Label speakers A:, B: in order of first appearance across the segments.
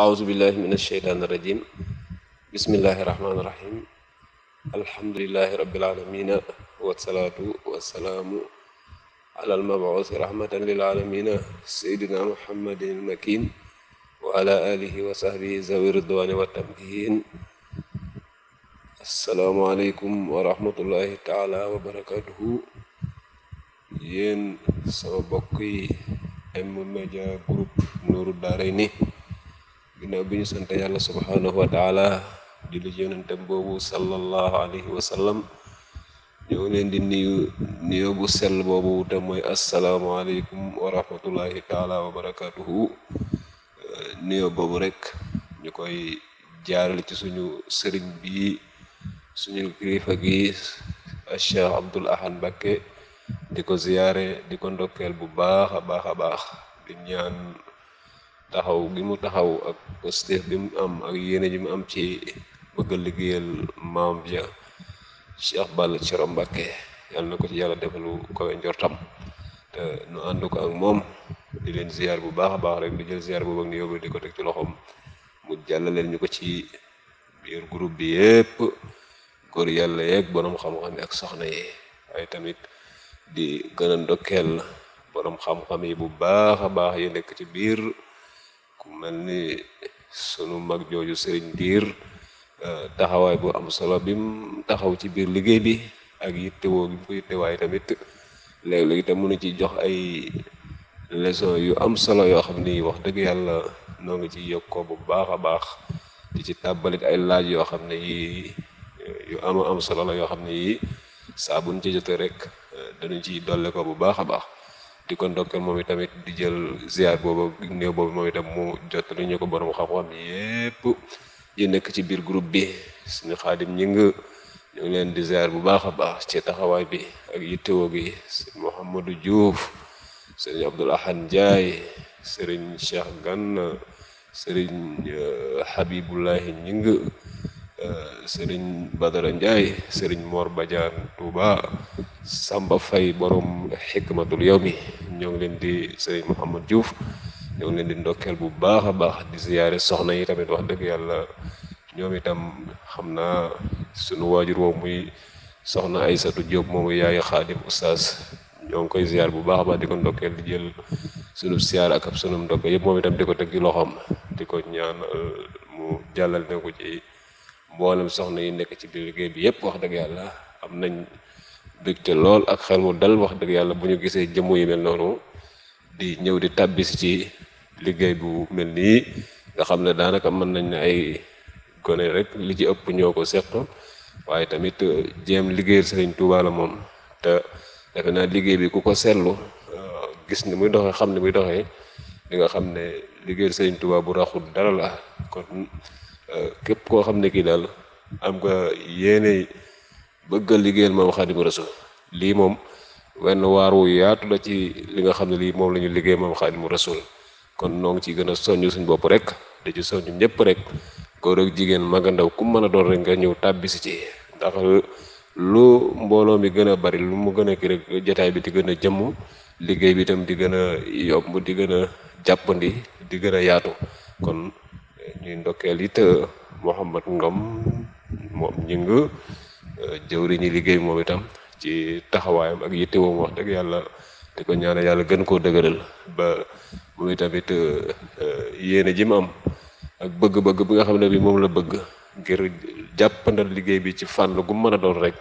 A: أعوذ بالله من الشيطان الرجيم بسم الله الرحمن الرحيم الحمد لله رب العالمين والصلاة والسلام على المبعوث رحمة للعالمين سيدنا محمد المكين وعلى آله وصحبه ذوي الرضوان والتمكين السلام عليكم ورحمة الله تعالى وبركاته yéen sama mbokk yi M Media Group Nourou Darayni ginnaaw bi ñu sant yàlla subhaanahu wa taala julli ci yonentem boobu sallallahu alayhi wa sallam ñoo leen di nuyu nuyoo bu sel boobu te mooy asalaamaaleykum wa rahmatullahi taala wa barakaatuhu boobu rek ñu koy jaarale ci suñu sëriñ bi suñu kilifa gi Cheikh Abdoul Ahad Mbacké di ko ziyaare di ndokkeel bu baax a baax a baax di ñaan taxaw gi mu taxaw ak positif bi mu am ak yéene ji mu am ci bëgg a liggéeyal maam ja Cheikh Balla Thioro Mbacke yàlla na ko ci yàlla defalu kawe njortam te nu ànd ko ak moom di leen ziar bu baax a baax rek di jël ziar boobu ak nuyoo bi di ko teg ci loxoom mu leen ñu ko ci biir groupe bi yépp góor yàlla yeeg borom xam-xam yi ak soxna yi waaye tamit di gën a ndokkeel borom xam-xam yi bu baax a baax yi nekk ci biir mel ni sunu mag jooju sëriñ Diir eh, taxawaay bu am solo bim taxaw ci biir liggéey bi ak yittewoo gi mu ko tamit léeg te itam mënu ci jox ay leçon yu am solo yoo xam ni wax dëgg yàlla noo ngi ci yokkoo bu baax a baax di ci tàbbalit ay laaj yoo xam ne yii yu am am solo la yoo xam ne yii saa ci jote rek eh, dañu ci dolle ko bu baax a baax di ko ndokkeel moom itamit di jël ziar boobu néew boobu moom itam mu jottali ñu ko borom xam-xam yépp yi nekk ci biir groupe bi suñu xaadim ñi ngi ñu leen di ziar bu baax a baax ci taxawaay bi ak yittewoo gi sëriñ Mouhamadou Diouf sëriñ Abdoul Ahad Ndiaye sëriñ Cheikh Gann sëriñ euh, Habibullahi ñi Eh, sëriñ Badara Ndiaye sëriñ Mor Badiane tuuba Samba Faye borom xikmatul yawmi ñoo ngi leen di sëriñ Mouhamad Diouf ñoo leen di ndokkeel bu baax a baax di ziyaare soxna yi tamit wax dëgg yàlla ñoom itam xam naa sunu waajur woowu muy soxna Aysatu Diop moomu yaayu xaadim oustaz ñoo koy ziyaar bu baax baax di ko ndokkeel di jël sunu siyaar ak ab sunu ndokk yëpp moom itam di ko teg ci loxoom di ko ñaan mu jàllal ne ko mboolem soxna yi nekk ci biir liggéey bi yépp wax dëgg yàlla am nañ te lool ak xel mu dal wax dëgg yàlla bu ñu gisee jëmm yu mel noonu di ñëw di tàbbis ci liggéey bu mel nii nga xam ne daanaka mën nañ ne ay gone rek li ci ëpp ñoo ko seq waaye tamit euh, jéem liggéey Sëriñ Tuubaa moom te defe naa liggéey bi ku ko seetlu euh, gis ni muy doxee xam ni muy doxee li nga xam ne liggéey Sëriñ Tuubaa bu raxul dara la kon képp koo xam ne kii daal am nga yéene bëggal liggéeyal maam Xaadimu Rasuul lii moom wenn waar wu yaatu la ci li nga xam ne lii moom la ñu liggéey maam Xaadimu Rasuul kon noo ngi ciy gën a soññ suñ bopp rek da ci soññ ñëpp rek góor jigéen mag ak ku mën a doon rek nga ñëw tàbbi si ci ndax lu mbooloo mi gën a bari lu mu gën a kii rek jotaay bi di gën a jëmm liggéey bi itam di gën a yomb di gën a jàppandi di gën a yaatu kon ñuy ndokkeel it euh, Mouhamad Ngom moom ñi ngi euh, jëwriñu liggéey moom itam ci taxawaayam ak yittewoom wax dëgg yàlla te ko ñaane yàlla gën koo dëgëral ba moom itamit euh, yéene ji mu am ak bëgg-bëgg bi nga xam ne bi moom la bëgg ngir jàppandal liggéey bi ci fànn gu mën a doon rek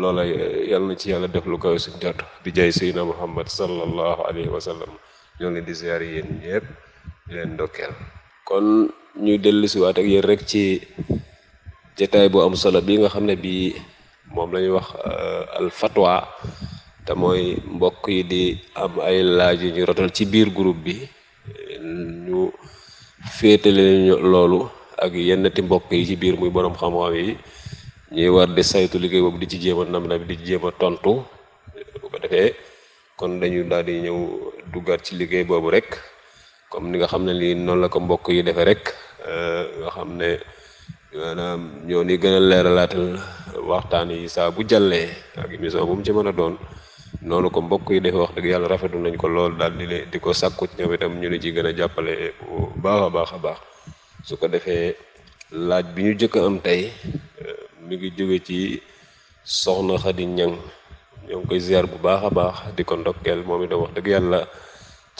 A: loola yàlla na ci yàlla def lu kaw suñ jot di jaay Seydina Muhammad sallallahu alayhi wa ñoo leen di ziyaar yéen ñëpp di leen ndokkeel kon ñuy ñu dellusiwaat ak yéen rek ci jataay bu am solo bi nga xam ne bii moom lañuy wax euh, al fatwa te mooy mbokk yi di am ay laaj yu ñu rotal ci biir groupe bi ñu féetale loolu ak yennati mbokk yi ci biir muy borom xam yi ñuy war di saytu liggéey boobu di ci jéem a nam bi di ci jéem a tontu ko defee kon dañu daal di ñëw duggaat ci liggéey boobu rek comme ni nga xam ne lii noonu la ko mbokk yi defee rek euh, nga xam ne maanaam ñoo ni gën a leeralaatal waxtaan yi saa bu jàllee ak émission bu mu ci mën a doon noonu ko mbokk yi defee wax dëgg yàlla rafetlu nañ ko lool daal di leen di ko ci ñoom itam ñu ni ci gën a jàppale bu baax a baax a baax su ko defee laaj bi ñu jëkk am tey euh, mu ngi jóge ci soxna Xadi Ñang ñoo ngi koy ziar bu baax a baax di ko ndokkeel moom itam wax dëgg yàlla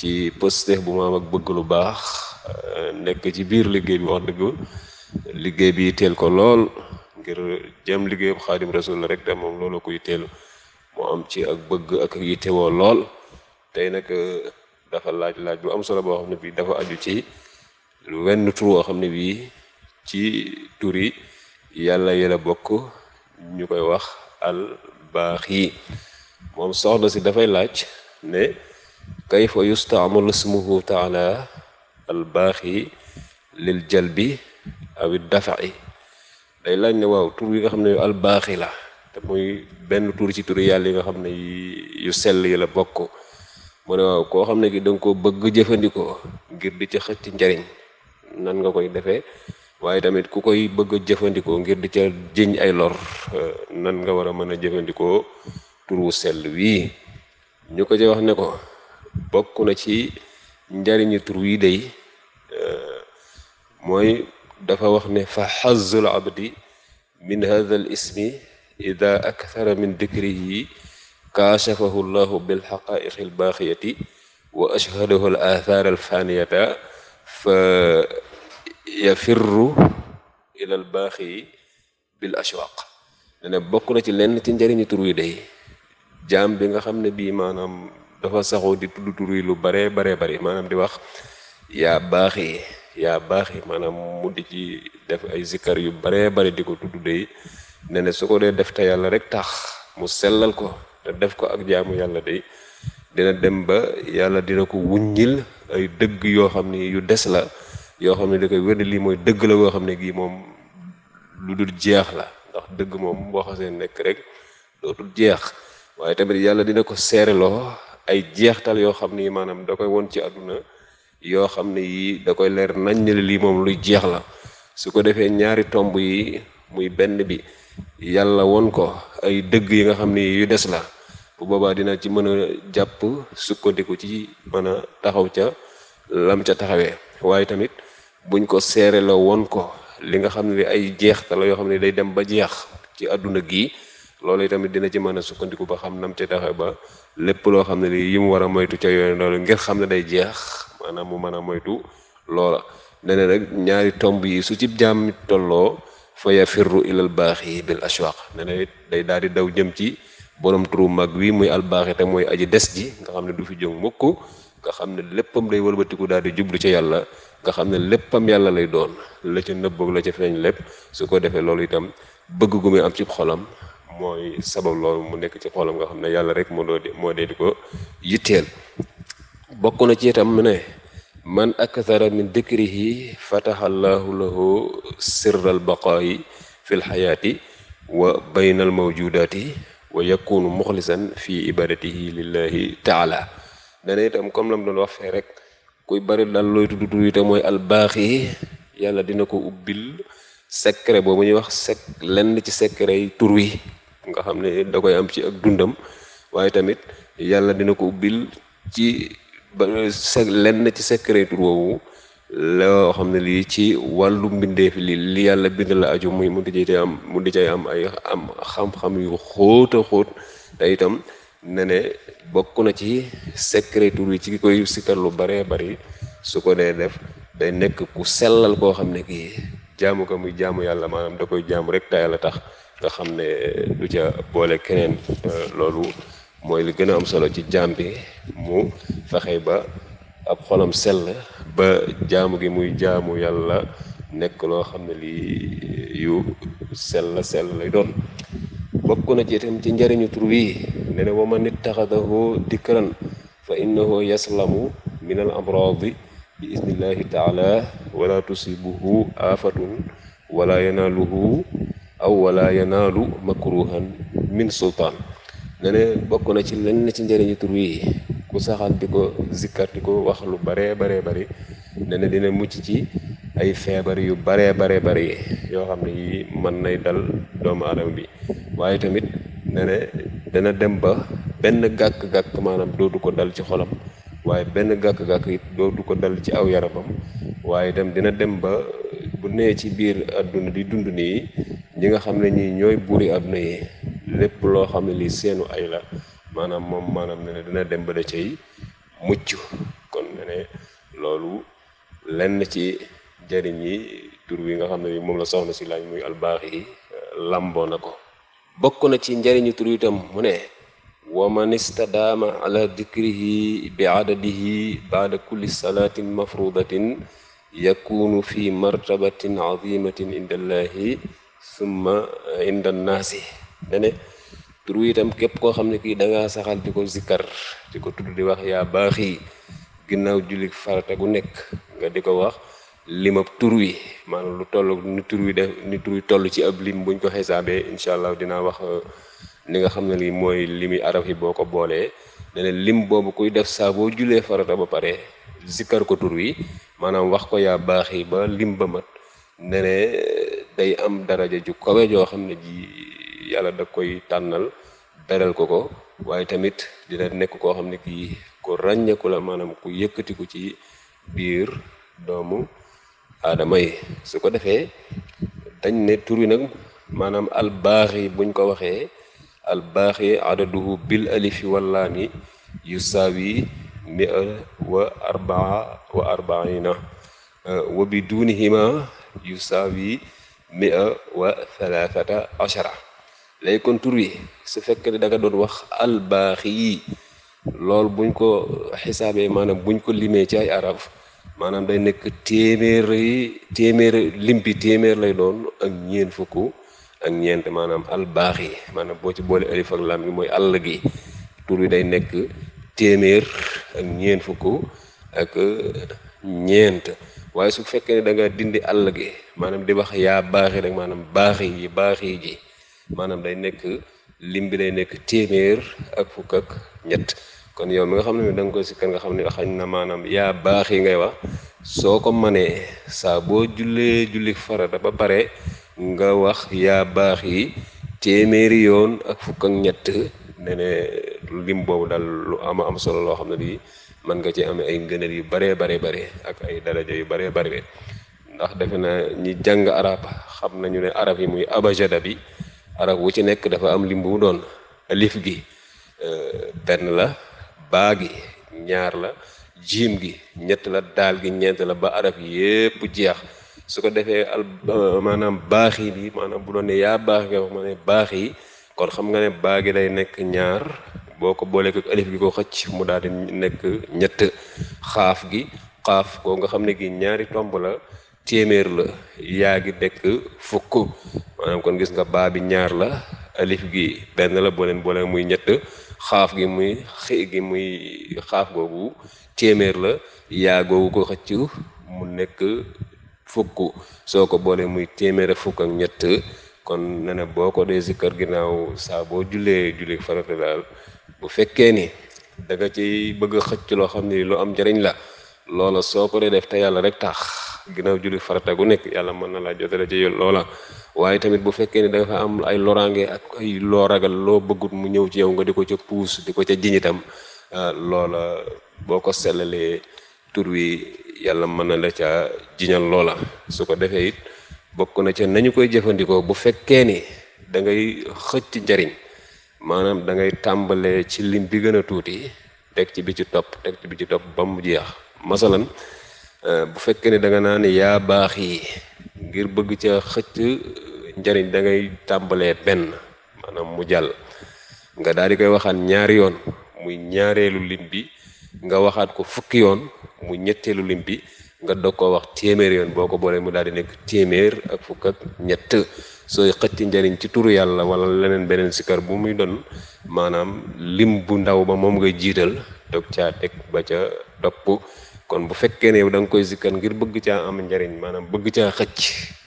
A: ci posteex bu ma am ak bëgg lu baax euh, nekk ci biir liggéey bi wax dëgg liggéey bi teel ko lool ngir jëm liggéey bu xaadim rasul la rek moom loolu koy teel moo am ci ak bëgg ak yittewoo lool tey nag euh, dafa laaj laaj bu am solo boo xam ne bii dafa aju ci lu wenn tur woo xam ne bii ci tur yi yàlla yëla bokk ñu koy wax al baax yi moom soxna si dafay laaj ne kayfa yustaamalu smuhu taala albaaxi lil jalbi awi dafa'i day laaj ne waaw tur yi nga xam ne yu albaaxi la te muy benn tur ci yi nga xam ne yu sell yi la bokk mu ne waaw koo xam ne ki da nga bëgg jëfandikoo ngir di ci xëcc njariñ nan nga koy defee waaye tamit ku koy bëgg jëfandikoo ngir di ca jiñ ay lor nan nga war a mën a jëfandikoo turu sell wii ñu ko ci wax ne ko bokk na ci njariñu tur euh, mooy dafa wax ne fa xazul abdi min hadha al ismi ida akthara min dikrihi kaashafahu llahu bil xaqaiqi al baaxiyati wa ashhadahu al athar fa yafirru ila al baaxi bil ashwaq bokk na ci lenn ci njariñu tur jaam bi nga xam ne bii maanaam dafa saxoo di tudd tur lu baree baree bari maanaam di wax yaa baaxi yaa baaxi maanaam mu di ci def ay zikkar yu baree bari di ko tudd day ne ne su ko dee def te yàlla rek tax mu sellal ko def ko ak jaamu yàlla dina dem ba yàlla dina ko wuññil ay dëgg yoo xam ni yu des la yoo xam ne da koy wér lii mooy dëgg la boo xam ne gii moom lu dul jeex la ndax dëgg moom boo xasee nekk rek dootul jeex waaye tamit yàlla dina ko seereloo ay jeextal yoo xam ne maanaam da koy won ci àdduna yoo xam ne yi da koy leer nañ lii moom luy jeex la su ko defee ñaari tomb yi muy benn bi yàlla won ko ay dëgg yi nga xam ni yu des la bu boobaa dina ci mën a jàpp sukkandiku ci mën a taxaw ca lam ca taxawee waaye tamit buñ ko seere la won ko li nga xam ne ay jeexta la yoo xam ne day dem ba jeex ci àdduna gi loolu tamit dina ci mën a sukkandiku ba xam nam ci taxe ba lépp loo xam ne lii yi mu war a moytu ca yooyu loolu ngir xam ne day jeex maanaam mu mën a moytu loola ne ne nag ñaari tomb yi su ci jàmm tolloo fa yafirru ilal baaxi bil ashwaq ne ne day daal di daw jëm ci borom turu mag wii muy albaaxi te mooy aji des ji nga xam ne du fi jóg mukk nga xam ne léppam day wëlbatiku daal di jublu ca yàlla nga xam ne léppam yàlla lay doon la ca nëbboog la ca feeñ lépp su ko defee loolu itam bëgg gu muy am ci xolam mooy sabab loolu mu nekk ci xoolam nga xam ne yàlla rek moo doo moo dee di ko yitteel bokk na ci itam mu ne man akthara min dikrihi fataha allahu lahu sirral baqaayi fil xayaati wa baynal mawjudaati wa yakunu muxlisan fi ibadatihi lillahi taala dana itam comme lam doon wax fee rek kuy bari daal looy tudd tudd itam mooy albaax yi yàlla dina ko ubbil secret boobu ñuy wax sec lenn ci secret yi tur wi nga xam ne da koy am ci ak dundam waaye tamit yàlla dina ko ubbil ci ba lenn ci secret woowu loo xam ne lii ci wàllu mbindeef li li yàlla bind la aju muy mu di am mu di cay am ay am xam yu xóot xóot itam ne ne bokk na ci secret yi ci ki koy sikkal lu baree bari su ko dee def day nekk ku sellal koo xam ne kii jaamu ko muy jaamu yàlla maanaam da koy jaamu rek te yàlla tax nga xam ne du ca boole keneen euh, loolu mooy li gën a am solo ci jaam bi mu fexe ba ab xolam sell ba jaamu gi muy jaamu yàlla nekk loo xam ne lii yu sell sell lay doon bokk na ci ci njariñu tur wii ne ne wa man ittaxadahu dikran fa innahu yaslamu min al amradi bi isnillahi taala wala tusibuhu afatun wala yanaaluhu aw wala yanaalu makruhan min sultaan ne bokk na ci lenn ci njëriñu tur yi ku saxal di ko zikkar ko wax lu baree baree bari ne dina mucc ci ay feebar yu baree baree bari yoo xam ne yii mën nay dal doomu aadama bi waaye tamit ne dana dem ba benn gàkk-gàkk maanaam dootu ko dal ci xolam waaye benn gàkk-gàkk dootu ko dal ci aw yaramam waaye itam dina dem ba bu nee ci biir àdduna di dund nii ñi nga xam ne ñi ñooy buuri àdduna yi lépp loo xam ne lii seenu ay la maanaam moom maanaam ne ne dina dem ba da cay mucc kon ne loolu lenn ci jariñ yi tur wi nga xam ne bi moom la soxna si laaj muy albaax yi làmboo na ko bokk na ci njariñu tur itam mu ne wa man istadaama ala dikrihi bi adadihi baada kulli salaatin mafrudatin yakunu fi martabatin azimatin inda summa inda naasi ne tur wi itam képp koo xam ne kii da ngaa saxal di ko zikkar di ko tudd di wax yaa baax yi ginnaaw jullit farata gu nekk nga di ko wax limab tur wi maanaam lu toll tur wi def ni tur toll ci ab lim buñ ko xisaabee incha allah dinaa wax uh, li nga xam ne lii mooy limi araf boo ko boolee ne lim boobu kuy def saa julee farata ba pare zikkar ko tur maanaam wax ko yaa baax ba lim ba mat ne day am daraja ju kawe joo xam ne ji yàlla da koy tànnal beral ko ko waaye tamit dina nekk koo xam ne kii ku ràññeeku la maanaam ku yëkkatiku ci biir doomu aadama yi su ko defee dañ ne tur wi nag maanaam albaaxi buñ ko waxee albaaxi adaduhu bil alifi wallaami yu saawi mia wa arbaa wa arbaina wa bi duunihima yu saawi mia wa thalathata ashara léegi kon tur wi su fekkee ne da nga doon wax albaaxi yi loolu buñ ko xisaabee maanaam buñ ko limee ci ay arab maanaam day nekk téeméer yi téeméer lim bi lay doon ak ñeent fukk ak ñeent maanaam albaaxi yi maanaam boo ci boole alif ak lam mooy àll gi tur wi day nekk téeméer ak ñeent fukk ak ñeent waaye su fekkee ne da dindi àll gi maanaam di wax yaa baaxi rek maanaam baaxi yi baaxi ji maanaam day nekk lim bi day nekk téeméer ak fukk ak ñett kon yow mi nga xam ne da nga ko sikkar nga xam ne xañ na maanaam yaa baaxi ngay wax soo ko manee saa boo jullee julli farata ba pare nga wax yaa baaxi téeméeri yoon ak fukk ak ñett ne lim boobu daal lu ama am solo loo xam ne lii mën nga ci amee ay ngëneel yu baree bare bare ak ay daraja yu baree bare ndax defe na ñi jàng arab xam nañu ne arab yi muy abajada bi arab wu ci nekk dafa am lim bu doon alif gi euh, benn la baagi ñaar la jiim gi ñett la daal gi ñeent la ba arab yépp jeex su ko defee al euh, maanaam baax yi maanaam bu doon ne yaa baax nga wax ma ne baax yi kon xam nga ne baa gi day nekk ñaar boo ko boolee ko alif gi ko xëcc mu daal di nekk ñett xaaf gi xaaf koo nga xam ne gi ñaari tomb la téeméer la yaa gi dekk fukk maanaam kon gis nga baa bi ñaar la alif gi benn la boo leen muy ñett xaaf gi muy gi muy xaaf googu téeméer la yaa googu ko xëcc mu nekk fukk soo ko boolee muy téeméer fukk ak ñett kon ne na boo ko dee si kër ginnaaw saa boo jullee julli farata daal bu fekkee ni da nga ciy bëgg a xëcc loo xam ni lu am njëriñ la loola soo ko dee def te yàlla rek tax ginnaaw julli farata gu nekk yàlla mën na laa jotale ci loola waaye tamit bu fekkee ni da fa am ay loraange ak ay loo ragal loo bëggut mu ñëw ci yow nga di ko ca puus di ko ca jiñ itam ah, boo ko sellalee tur wi yàlla mën na la ca jiñal loola su ko defee it bokk na ca nañu koy jëfandikoo bu fekkee ni da ngay xëcc njariñ maanaam da ngay tàmbalee ci lim bi gën a tuuti teg ci bi ci topp teg ci bi ci topp ba mu jeex masalan euh, bu fekkee ne da nga naan yaa baax yi ngir bëgg ca xëcc euh, njariñ da ngay tàmbalee benn maanaam mu jàll nga daal di koy waxaat ñaari yoon muy ñaareelu lim bi nga waxaat ko fukki yoon mu ñetteelu lim bi nga dog koo wax téeméer yoon boo ko boolee mu daal di nekk téeméer ak fukk ak ñett sooy xëcc njariñ ci turu yàlla wala leneen beneen sikar bu muy doon maanaam lim bu ndaw ba moom ngay jiital dog caa teg ba ca topp kon bu fekkee ne yow da koy sikkar ngir bëgg caa am njariñ maanaam bëgg caa xëcc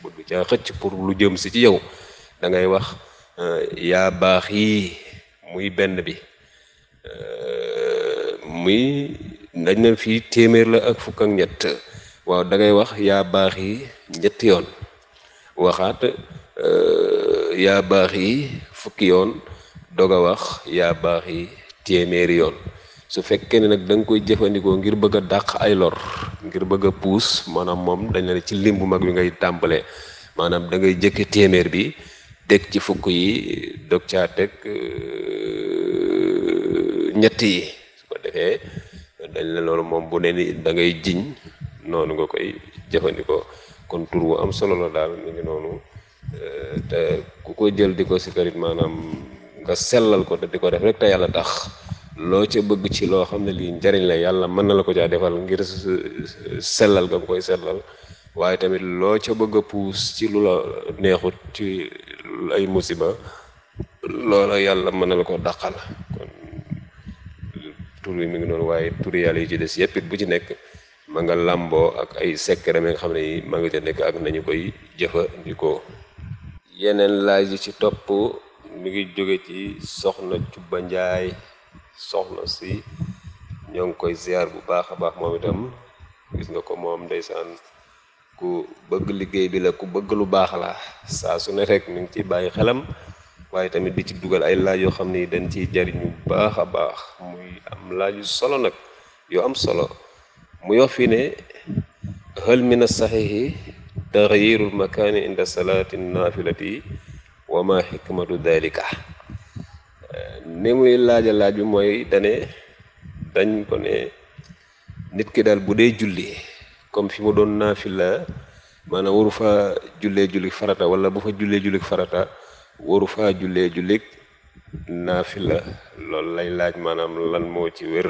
A: bëgg caa xëcc pour lu jëm si ci yow da ngay wax euh, yaa baax yii muy benn bi euh, muy dañ na fii téeméer la ak fukk ak ñett waaw da ngay wax yaa baax yi ñetti yoon waxaat Euh, yaa baax yi fukki yoon dog a wax yaa baax yi téeméeri yoon su fekkee ne nag danga koy jëfandikoo ngir bëgg a dàq ay lor ngir bëgg a puus maanaam moom dañ la ci lim bu mag bi ngay tàmbalee maanaam da ngay jëkke téeméer bi teg ci fukk yi dog caa teg euh, ñett yi su ko defee dañ la loolu moom bu ne ni da ngay jiñ noonu nga koy jëfandikoo kon tur wu am solo la daal mi ngi noonu te ku ko jël di ko sikarit maanaam nga sellal ko te di ko def rek te yàlla tax loo ca bëgg ci loo xam ne lii njariñ la yàlla mën na la ko jaa defal ngir sellal nga koy sellal waaye tamit loo ca bëgg a ci lu la neexut ci ay musiba loola yàlla mën na la ko dàqal kon tur yi ngi noonu waaye turi yàlla yi ci des yépp bu ci nekk ma nga làmboo ak ay secret mi nga xam ne yi ma nga nekk ak nañu koy jëfandikoo yeneen laaj yi ci topp mu ngi jóge ci soxna Cubba Njaay soxna si ñoo ngi koy ziar bu baax a baax moom itam gis nga ko moom ndeysaan ku bëgg liggéey bi la ku bëgg lu baax la saa su ne rek mi ngi ciy bàyyi xelam waaye tamit di ci dugal ay laaj yoo xam ni dañ ciy jariñu bu baax a baax muy am laaj yu solo nag yu am solo mu yox fii ne hël mina saxiixi taxyiru lmakaani inda salaati naafilati wa ma xikmatu dalika ni muy laaja laaj bi mooy dane dañ ko nit ki daal bu dee julli comme fi mu doon naafila maanaam waru faa jullee jullik farata fa jullee jullik farata waru fa jullee jullik naafila loolu lay laaj maanaam lan moo ci wér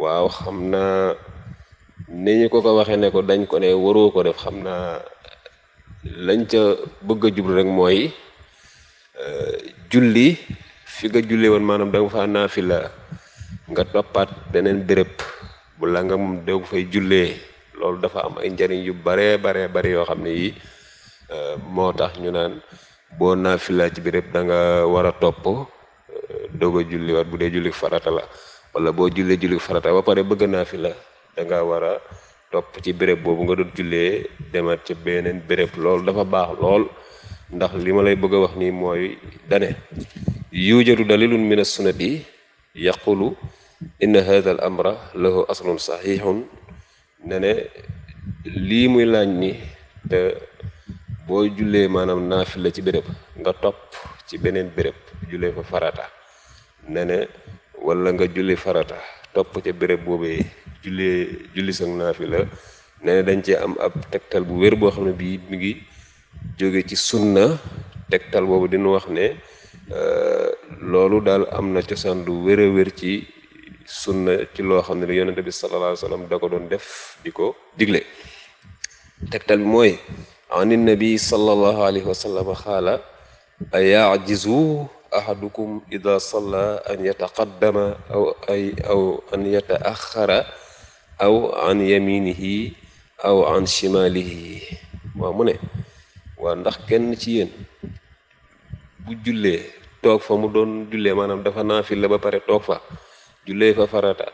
A: waaw xam naa ni ñu ko ko waxee ne ko dañ ko ne waroo ko def xam naa lañ ca bëgg a jublu rek mooy euh, julli fi nga julli woon maanaam da nga fa naafila nga toppaat beneen dërëb bu la nga moom doo fay jullee loolu dafa am ay njariñ yu baree baree bari yoo xam ne yi euh, moo tax ñu naan boo naafila ci béréb danga nga war a topp euh, doog a julli waat bu dee julli farata la wala boo jullee julli farata ba pare bëgg la danga nga war a topp ci béréb boobu nga doon jullee demaat ci beneen béréb loolu dafa baax lool ndax li ma lay bëgg a wax nii mooy dane yuujadu dalilun min as-sunnati yaqulu inna hadha al amra lahu aslun sahihun ne lii muy laaj ni te boo jullee maanaam naafila ci béréb nga topp ci beneen béréb jullee fa farata ne ne nga julli farata topp ca béréb boobee jullee julli sang naafila nee dañ cee am ab tegtal bu wér boo xam ne bii mu ngi jóge ci sunna tegtal boobu dina wax ne euh, loolu daal am na cosaan lu wér wér ci sunna ci loo xam ne la yonente bi sallallahu alayhi wa sallam da ko doon def di ko digle tegtal bi mooy anin bi sallallahu alayhi wa sallam xaala a ahadukum ida salla an yataqaddama aw ay aw an yataaxara aw an yaminihi aw an mu ne waaw ndax kenn ci yéen bu jullee toog fa mu doon jullee maanaam dafa naafila ba pare toog fa jullee fa farata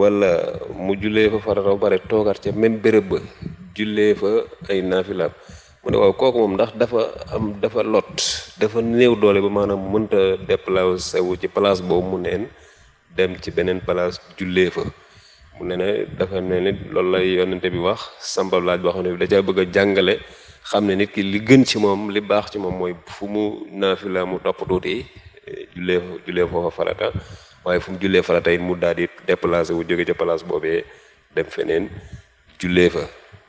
A: wala mu jullee fa farata ba pare toogaat ca même béréb ba jullee fa ay naafilaam mu ne waaw kooku moom ndax dafa am dafa lot dafa néew doole ba maanaam mënta déplacé wu ci place boobu mu neen dem ci beneen place jullee fa mu ne ne dafa ne nit loolu la yonente bi wax sambal laaj boo xam ne da caa bëgg a jàngale xam ne nit ki li gën ci moom li baax ci moom mooy fu mu naafila mu topp tuuti eh, jullee jullee foofa farata waaye fu mu jullee farata it mu daal di déplacé wu jóge ci place boobee dem feneen jullee fa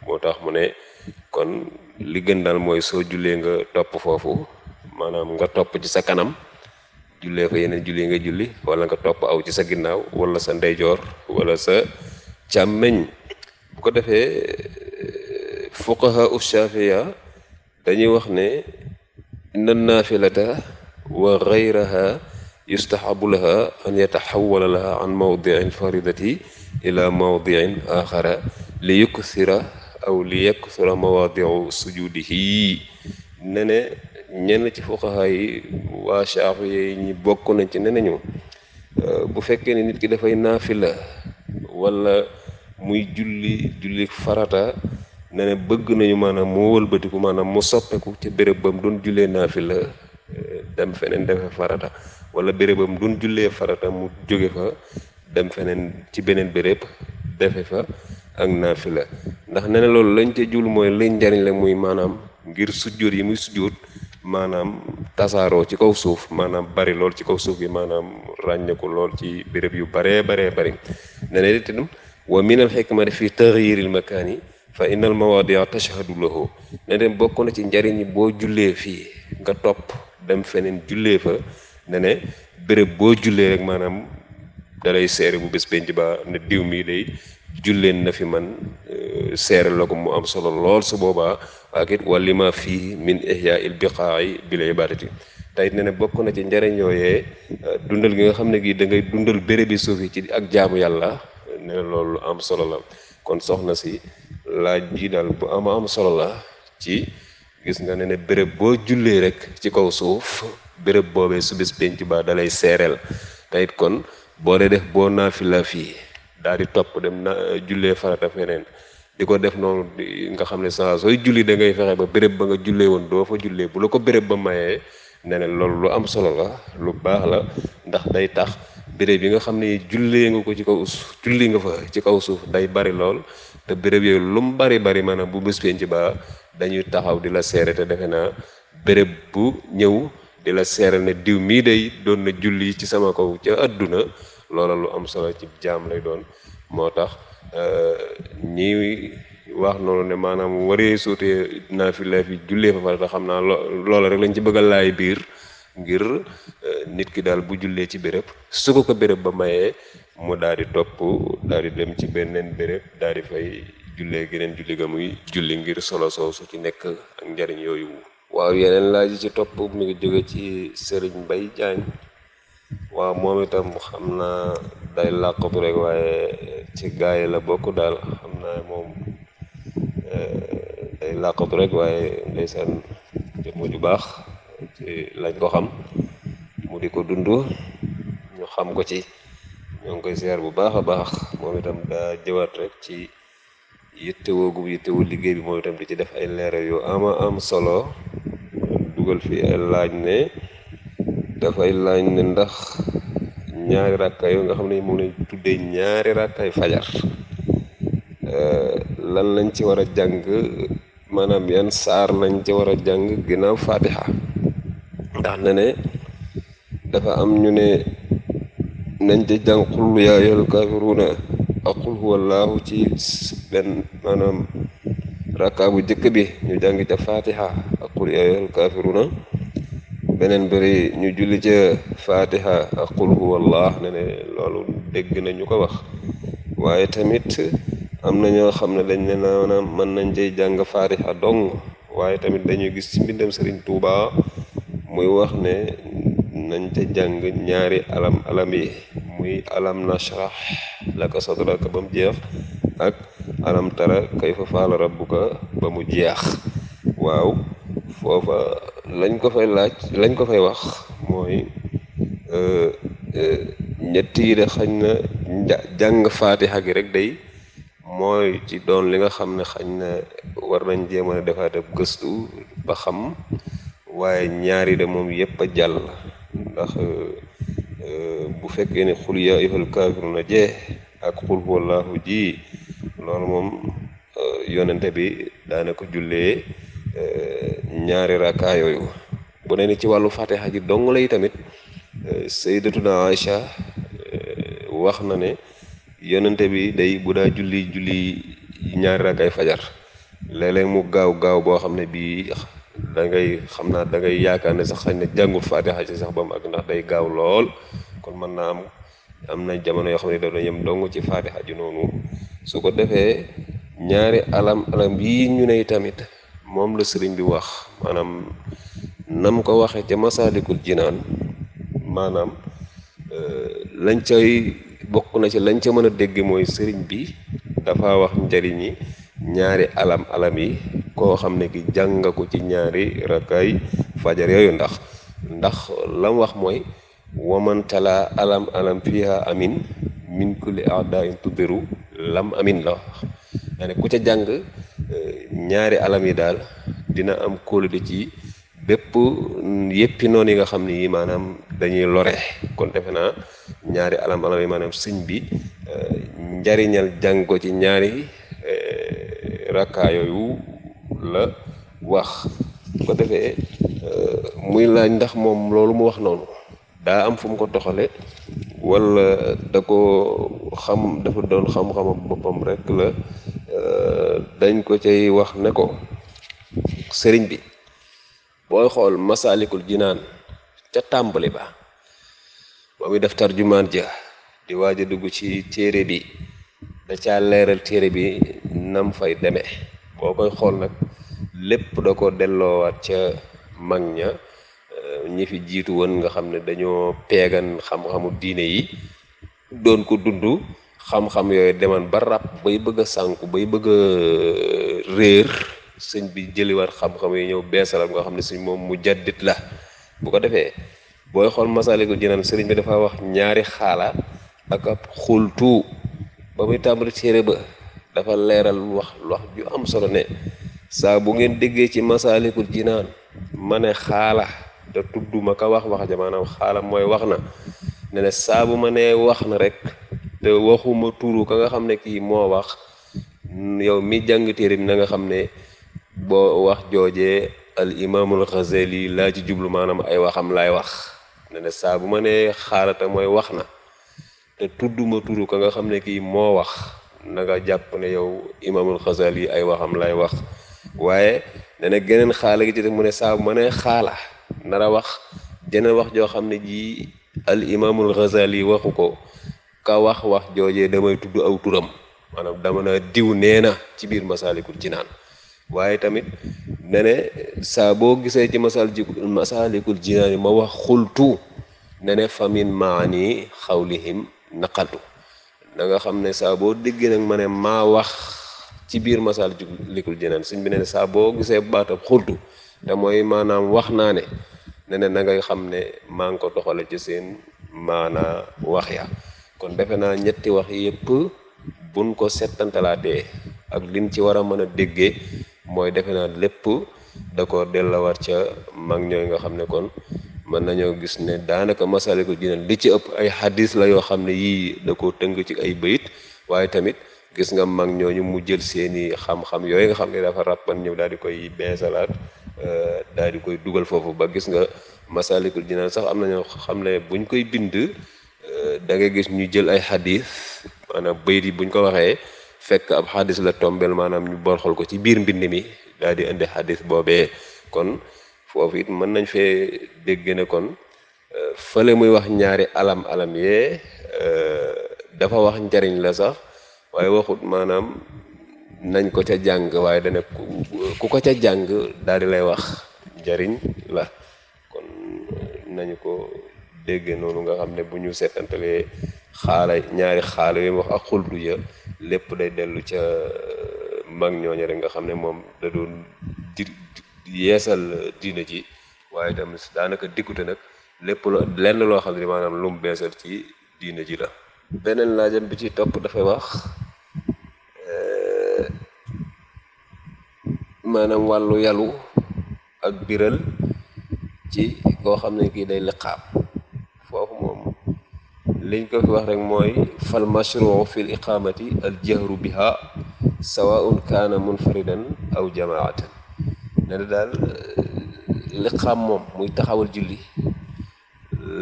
A: moo tax mu ne kon li gën daal mooy soo jullee nga topp foofu maanaam nga topp ci sa kanam jullee fa yeneen julli nga julli wala nga topp aw ci sa ginnaaw wala sa ndeyjoor walla sa càmmeñ bu ko defee fuqaha u shafiya dañuy wax ne inna nafilata wa ghayraha yustahabu laha an yataxawala laha an faridati ila mawdiin axara li yuksira aw li yakthura mawaadiu sujudihi ne ne ñenn ci fuqaha yi waa Shaafi'i ñi bokk nañ ci ne nañu euh, bu fekkee ne nit ki dafay la wala muy julli julli farata ne bëgg nañu maanaam mu wëlbatiku maanaam mu soppeku ca béréb ba mu doon jullee la euh, dem feneen defee farata wala béréb ba mu doon jullee farata mu jóge fa dem feneen ci beneen béréb defe fa ak la ndax nee na loolu lañ ca jul mooy liñ njariñ la muy maanaam ngir sujjóot yi muy sujjóot maanaam tasaaroo ci kaw suuf maanaam bari lool ci kaw suuf yi maanaam ràññeeku lool ci béréb yu baree baree bari nee na itam wa min al xikmati fi taxyiril makaani fa innal mawadia tashhadu lahu ne dem bokk na ci njariñ boo jullee fii nga topp dem feneen jullee fa ne ne boo jullee rek maanaam dalay seere bu bés penc ba ne diw mii day julleen na fi man euh, seere la ko mu am solo lool su boobaa ak it wala lima fii min ihya il biqaayi bil ibadati te ne ne bokk na ci njariñ euh, dundal gi nga xam ne gi dangay ngay dundal béréb bi suuf yi ci ak jaamu yàlla ne loolu am solo la kon soxna si laaj ji daal bu ama am solo la ci gis nga ne ne bërëb boo jullee rek ci kaw suuf béréb boobee su bis penc ba dalay seereel te kon boo dee def boo naafila fii daal di topp dem na jullee farata feneen di ko def noonu nga xam ne saa sooy julli da ngay fexe ba béréb ba nga jullee woon doo fa jullee bu la ko béréb ba mayee neneen loolu lu am solo la lu baax la ndax day tax béréb yi nga xam ne jullee nga ko ci kaw suuf nga fa ci kaw suuf day bari lool te béréb yooyu lu mu bari bari maanaam bu bés penc ba dañuy taxaw di la seere te defe naa béréb bu ñëw di la seere ne diw mii day doon na julli ci sama kaw ca àdduna loola lu am solo ci jaam lay doon moo tax euh, ñi wax noonu ne maanaam waree suutee naafila fi jullee fa farata xam naa loola rek lañ ci bëgga laay biir ngir euh, nit ki daal bu jullee ci béréb su ko ko béréb ba mayee mu daal di topp daal di dem ci benn béréb daal di fay jullee geneen julli ga muy julli ngir solo soosu ci nekk ak njariñ yooyu waaw yeneen laaj yi ci topp mi ngi jóge ci Serigne bay Diagne waaw moom itam xam naa day làqatu rek waaye ci gaa yi la bokk daal xam naa moom eh, day làqatu rek waaye ndeysaan jëmm ju baax ci lañ ko xam mu di ko dund ñu xam ko ci ñoo ngi koy ziar bu baax a baax moom itam daa jëwaat rek ci yittewoo gu yittewoo liggéey bi moom itam di ci def ay leeral yu ama am solo dugal fi ay laaj ne dafay laaj ne ndax ñaari rakka yooyu nga xam ne moom lañ tuddee ñaari rakkay fajar euh, lan lañ ci war a jàng maanaam yan saar lañ ci war a jàng ginaaw fatiha ndax na ne dafa am ñu ne nañ ci jàng xul yaa ayyuhal kaafiruuna ak xul huwallaahu ci benn maanaam rakka bu jëkk bi ñu jàng ca fatiha ak xul yaa ayyuhal kaafiruuna beneen bëri ñu julli ca fatiha ak qul huwallah ne ne loolu dégg na ñu ko wax waaye tamit am na ñoo xam ne dañ ne naana mën nañ cey jàng fatiha dong waaye tamit dañuy gis ci mbindam sëriñ Tuuba muy wax ne nañ ca jàng ñaari alam alam yi muy alam nashrah laka sadraka ba mu jeex ak alam tara kayfa faala rabbuka ba mu jeex waaw foofa lañ ko fay laaj lañ ko fay wax mooy euh, euh, ñett yi de xañ na jàng faatixa gi rek day mooy ci doon li nga xam ne xañ na war nañ jéem a defaat ab gëstu ba xam waaye ñaari de moom yépp a jàll ndax euh, bu fekkee ne xul yaa ayyuhal kaafiruuna jee ak xul wallaahu ji loolu moom yonente bi daana ko jullee Eh, ñaari rakka yooyu bu ne na ci wàllu fatiha ji dong lay tamit eh, sayyidatuna Aïcha eh, wax na ne yonente bi day bu daa julli julli ñaari rakkaay fajar léeg mu gaaw gaaw boo xam ne bii da ngay xam naa dangay yaakaar ne sax xañ ne jàngul fatiha ci sax ba mu ak ndax day gaaw lool kon mën naa am am na jamono yoo xam ne daf na yem dong ci fatiha ji noonu su ko defee ñaari alam alam yii ne tamit moom la sëriñ bi wax maanaam nam ko waxee ca masaalikul jinaan maanaam euh, lañ cay bokk na ci lañ ca mën a dégg mooy sëriñ bi dafa wax njariñi ñaari alam alam yi koo xam ne ki jàng nga ko ci ñaari rakkaay fajar yooyu ndax ndax lam wax mooy waman alam alam fiha amin min kulli aada in lam amin la wax ne ku ca jàng ñaari alam yi daal dina am kóolute ci bépp yéppi noonu yi nga xam ni maanaam dañuy lore kon defe naa ñaari alam alam yi maanaam sëñ bi euh, njariñal ko ci ñaari euh, rakkaa yooyu la wax ko defee euh, muy laaj ndax moom loolu mu wax noonu daa am fu mu ko toxale wala da ko xam dafa doon xam-xamam boppam rek la dañ ko cay wax ne ko sëriñ bi booy xool masaalikul jinaan ca tàmbali ba ba muy def tarjumaan ja di waaj a dugg ci téere bi da caa leeral téere bi nam fay deme boo koy xool nag lépp da ko delloowaat ca mag ña eh, ñi fi jiitu woon nga xam ne dañoo peegan xam-xamu diine yi doon ko dund xam-xam yooyu demoon ba rab bay bëgg a sànku bay bëgg a euh, réer sëñ bi jëliwaat xam-xam yi ñëw beesalal nga xam ne suñ moom mu jaddit la bu ko defee booy xool masaliku jinaan sëriñ bi dafa wax ñaari xaala ak ab xultu ba muy tàmbali téere ba dafa leeral wax wax ju am solo ne saa bu ngeen déggee ci masaalikul jinaan ma ne xaala te tudduma ka wax wax ja maanaam xaala mooy wax na ne ne saa bu ma nee wax na rek te waxuma tuuru ka nga xam ne kii moo wax yow mi jàng téere bi na xam ne boo wax joojee al imaamul Ghazali laa ci jublu maanaam ay waxam laay wax ne ne saa bu ma xaarata mooy wax na te tudduma tuuru ka nga xam ne kii moo wax na nga jàpp ne yow imaamul Ghazali ay waxam laay wax waaye ne geneen xaala gi ci te mu ne saa bu xaala nara wax jeneen wax joo xam ne jii al imaamul Ghazali waxu ko ka wax wax joojee damay tudd aw turam maanaam dama na diw nee na ci biir masaalikul jinaan waaye tamit ne saa boo gisee ci masaalikul masaalikul jinaan yi ma wax xultu ne ne famin maani xawlihim naqaltu da nga xam ne saa boo déggee nag ma wax ci biir masaalikul jinaan suñ bi ne ne saa boo gisee baatab xultu te mooy maanaam wax naa ne ne na nga xam ne maa ngi ko doxale ci seen maanaa wax ya kon defe naa ñetti wax yépp buñ ko settantalaatee ak liñ ci war a mën a déggee mooy defe naa lépp da ko dellawaat ca mag ñooy nga xam ne kon mën nañoo gis ne daanaka Masaalikul Jinaan li ci ëpp ay xadis la yoo xam ne yii da ko tëng ci ay bayit waaye tamit gis nga mag ñooñu mu jël seeni xam-xam yooyu nga xam ne dafa ràppan ñëw daal di koy beesalaat euh, daal di koy dugal foofu ba gis nga Masaalikul Jinaan sax am nañoo xam ne buñ koy bind Euh, da nga gis ñu jël ay xadis maanaam bayit yi buñ ko waxee fekk ab xadis la tombel maanaam ñu bor xool ko ci biir mbind mi daal di indi xadis boobee kon foofu it mën nañ fee dégg ne kon euh, fële muy wax ñaari alam alam yee euh, dafa wax njariñ la sax waaye waxut maanaam nañ ko ca jàng waaye dane ku ko ca jàng daal di lay wax njariñ la kon nañu ko déggee noonu nga xam ne bu ñu seetantalee xaala ñaari xaala yooyu wax ak xuldu ya lépp day dellu ca euh, mag ñooñu rek nga xam ne moom da doon di yeesal diina ji waaye tamit daanaka dikkute nag lépp loo lenn loo xam ne maanaam lu mu beesal ci diina ji la beneen laajam bi ci topp dafay wax euh, maanaam wàllu yalu ak biral ci koo xam ne kii day liqaab liñ ko fi wax rek mooy fal mashruu fi l iqamati al jahru biha sawaun kaana munfaridan aw jamaatan ne daal euh, liqaam moom muy taxawal julli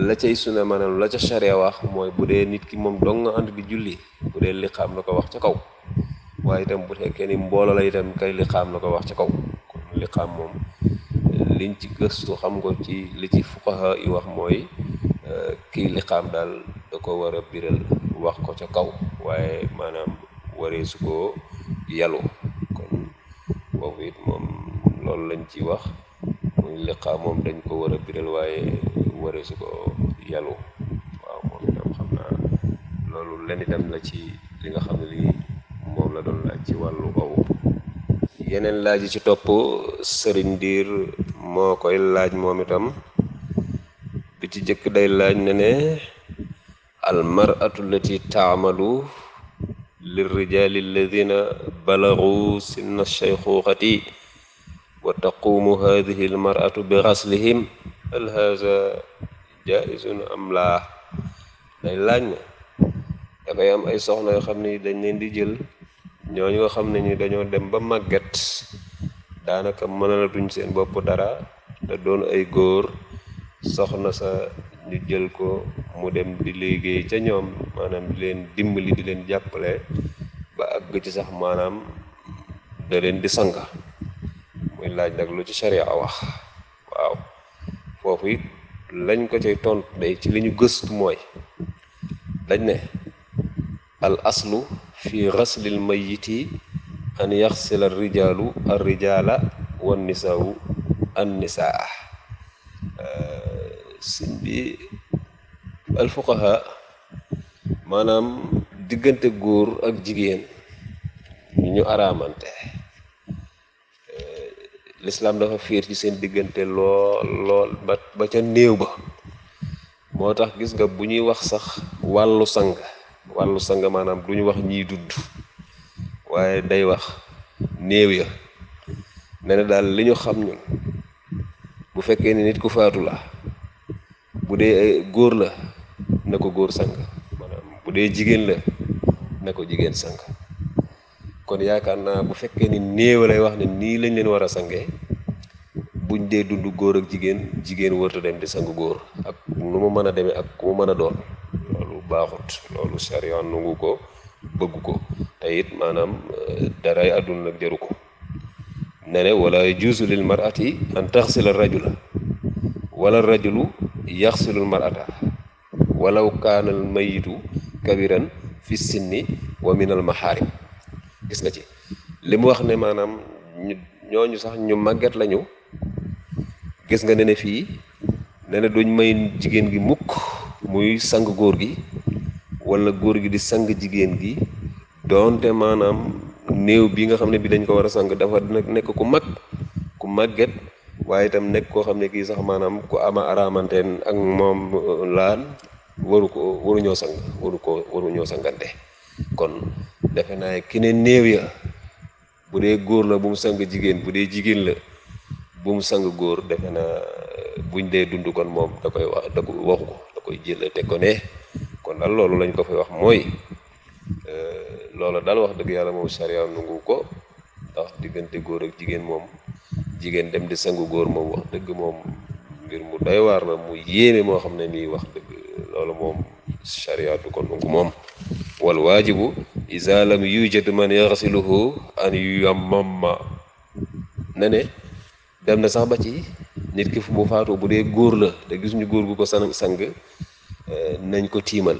A: la cay suna maanaam la ca charia wax mooy bu dee nit ki moom dong nga ànd julli bu dee liqaam la ko wax ca kaw waaye itam bu fekkee ni mbooloo la itam kay liqaam la ko wax ca kaw kon liqaam moom liñ ci gëstu xam ko ci li ci fuqaha yi wax mooy euh, kii liqaam daal da ko war a biral wax ko ca kaw waaye maanaam waree su ko yalu kon boobu it moom loolu lañ ci wax muy liqaa moom dañ ko war a biral waaye waree su ko yalu waaw moom itam xam naa loolu len itam la ci li nga xam ne moom la doon laaj ci wàllu boobu yeneen laaj yi ci topp sëriñ diir moo koy laaj moom itam bi ci jëkk day laaj ne ne almaratu allati taamalu lirrijali alladina balagu sinna shayxuuxati wa taquumu hadihi bi xaslihim hal haza jaizun am laa day laaj ne dafay am ay soxna yoo xam ne dañ leen di jël ñooñu nga xam ne ñu dañoo dem ba màgget daanaka mënalatuñ seen boppu dara te doon ay góor soxna sa ñu jël ko mu dem di léegi ca ñoom maanaam di leen dimbali di leen jàppale ba àgg ci sax maanaam da leen di sang muy laaj nag lu ci sharia wax waaw foofu it lañ ko cay tontu day ci li gëstu mooy dañ ne al aslu fi ghaslil mayyiti an yaxsila ar rijaalu ar rijaala wan nisaawu an nisaa sëñ bi alfuqaha maanaam diggante góor ak jigéen ñu ñu araamante eh, lislaam dafa fiir ci seen diggante lool lool ba ca néew ba moo tax gis nga bu ñuy wax sax wàllu sang wàllu sang maanaam du ñu wax ñiy dudd waaye day wax néew ya ne na daal li ñu xam ñun bu fekkee ni nit ku faatu la bu dee ay eh, góor la na ko góor sang maanaam bu dee jigéen la na ko jigéen sang kon yaakaar naa bu fekkee ni néew lay wax ne nii lañ leen war a sangee buñ dee dund góor ak jigéen jigéen wërta dem di sang góor ak nu mu mën a demee ak ku mu mën a doon loolu baaxut loolu sariyaan nangu ko bëgg ko te it maanaam eh, daray àdduna nag jaru ko ne ne wala yajuusu lil mar'ati an taxsila la wala rajulu yaxsilul marata walaw kaanal mayitu kabiran fi sinni wa minal maxaarim gis nga ci li wax ne maanaam ñooñu sax ñu màgget lañu gis nga ne ne fii ne duñ may jigéen gi mukk muy sang góor gi wala góor gi di sang jigéen gi doonte maanaam néew bi nga xam ne bi dañ ko war a sang dafa nekk ku mag ku màgget waaye itam nekk koo xam ne kii sax maanaam ku ama araamanteen ak moom uh, laal waru ko waru ñoo sang waru ko waru ñoo kon defe naa ki ne néew ya bu dee góor la bu mu sang jigéen bu dee jigéen la bu mu sang góor defe naa uh, buñ dee dund kon moom da koy wax da ko waxu ko da koy jël te ne kon daal loolu lañ ko fay wax mooy uh, loola daal wax dëgg yàlla moom sariya nungu ko ndax diggante góor ak jigéen moom jigéen dem di sangu góor moom wax dëgg moom mbir mu doy waar la mu yéeme moo xam ne ni wax dëgg loolu moom charia du ko nangu moom wal waajibu isa lam yujad man yaxsiluhu an yamamma na ne dem na sax ba ci nit ki fu mu faatoo bu dee góor la te gisuñu góor gu ko san sang eh, nañ ko tiimal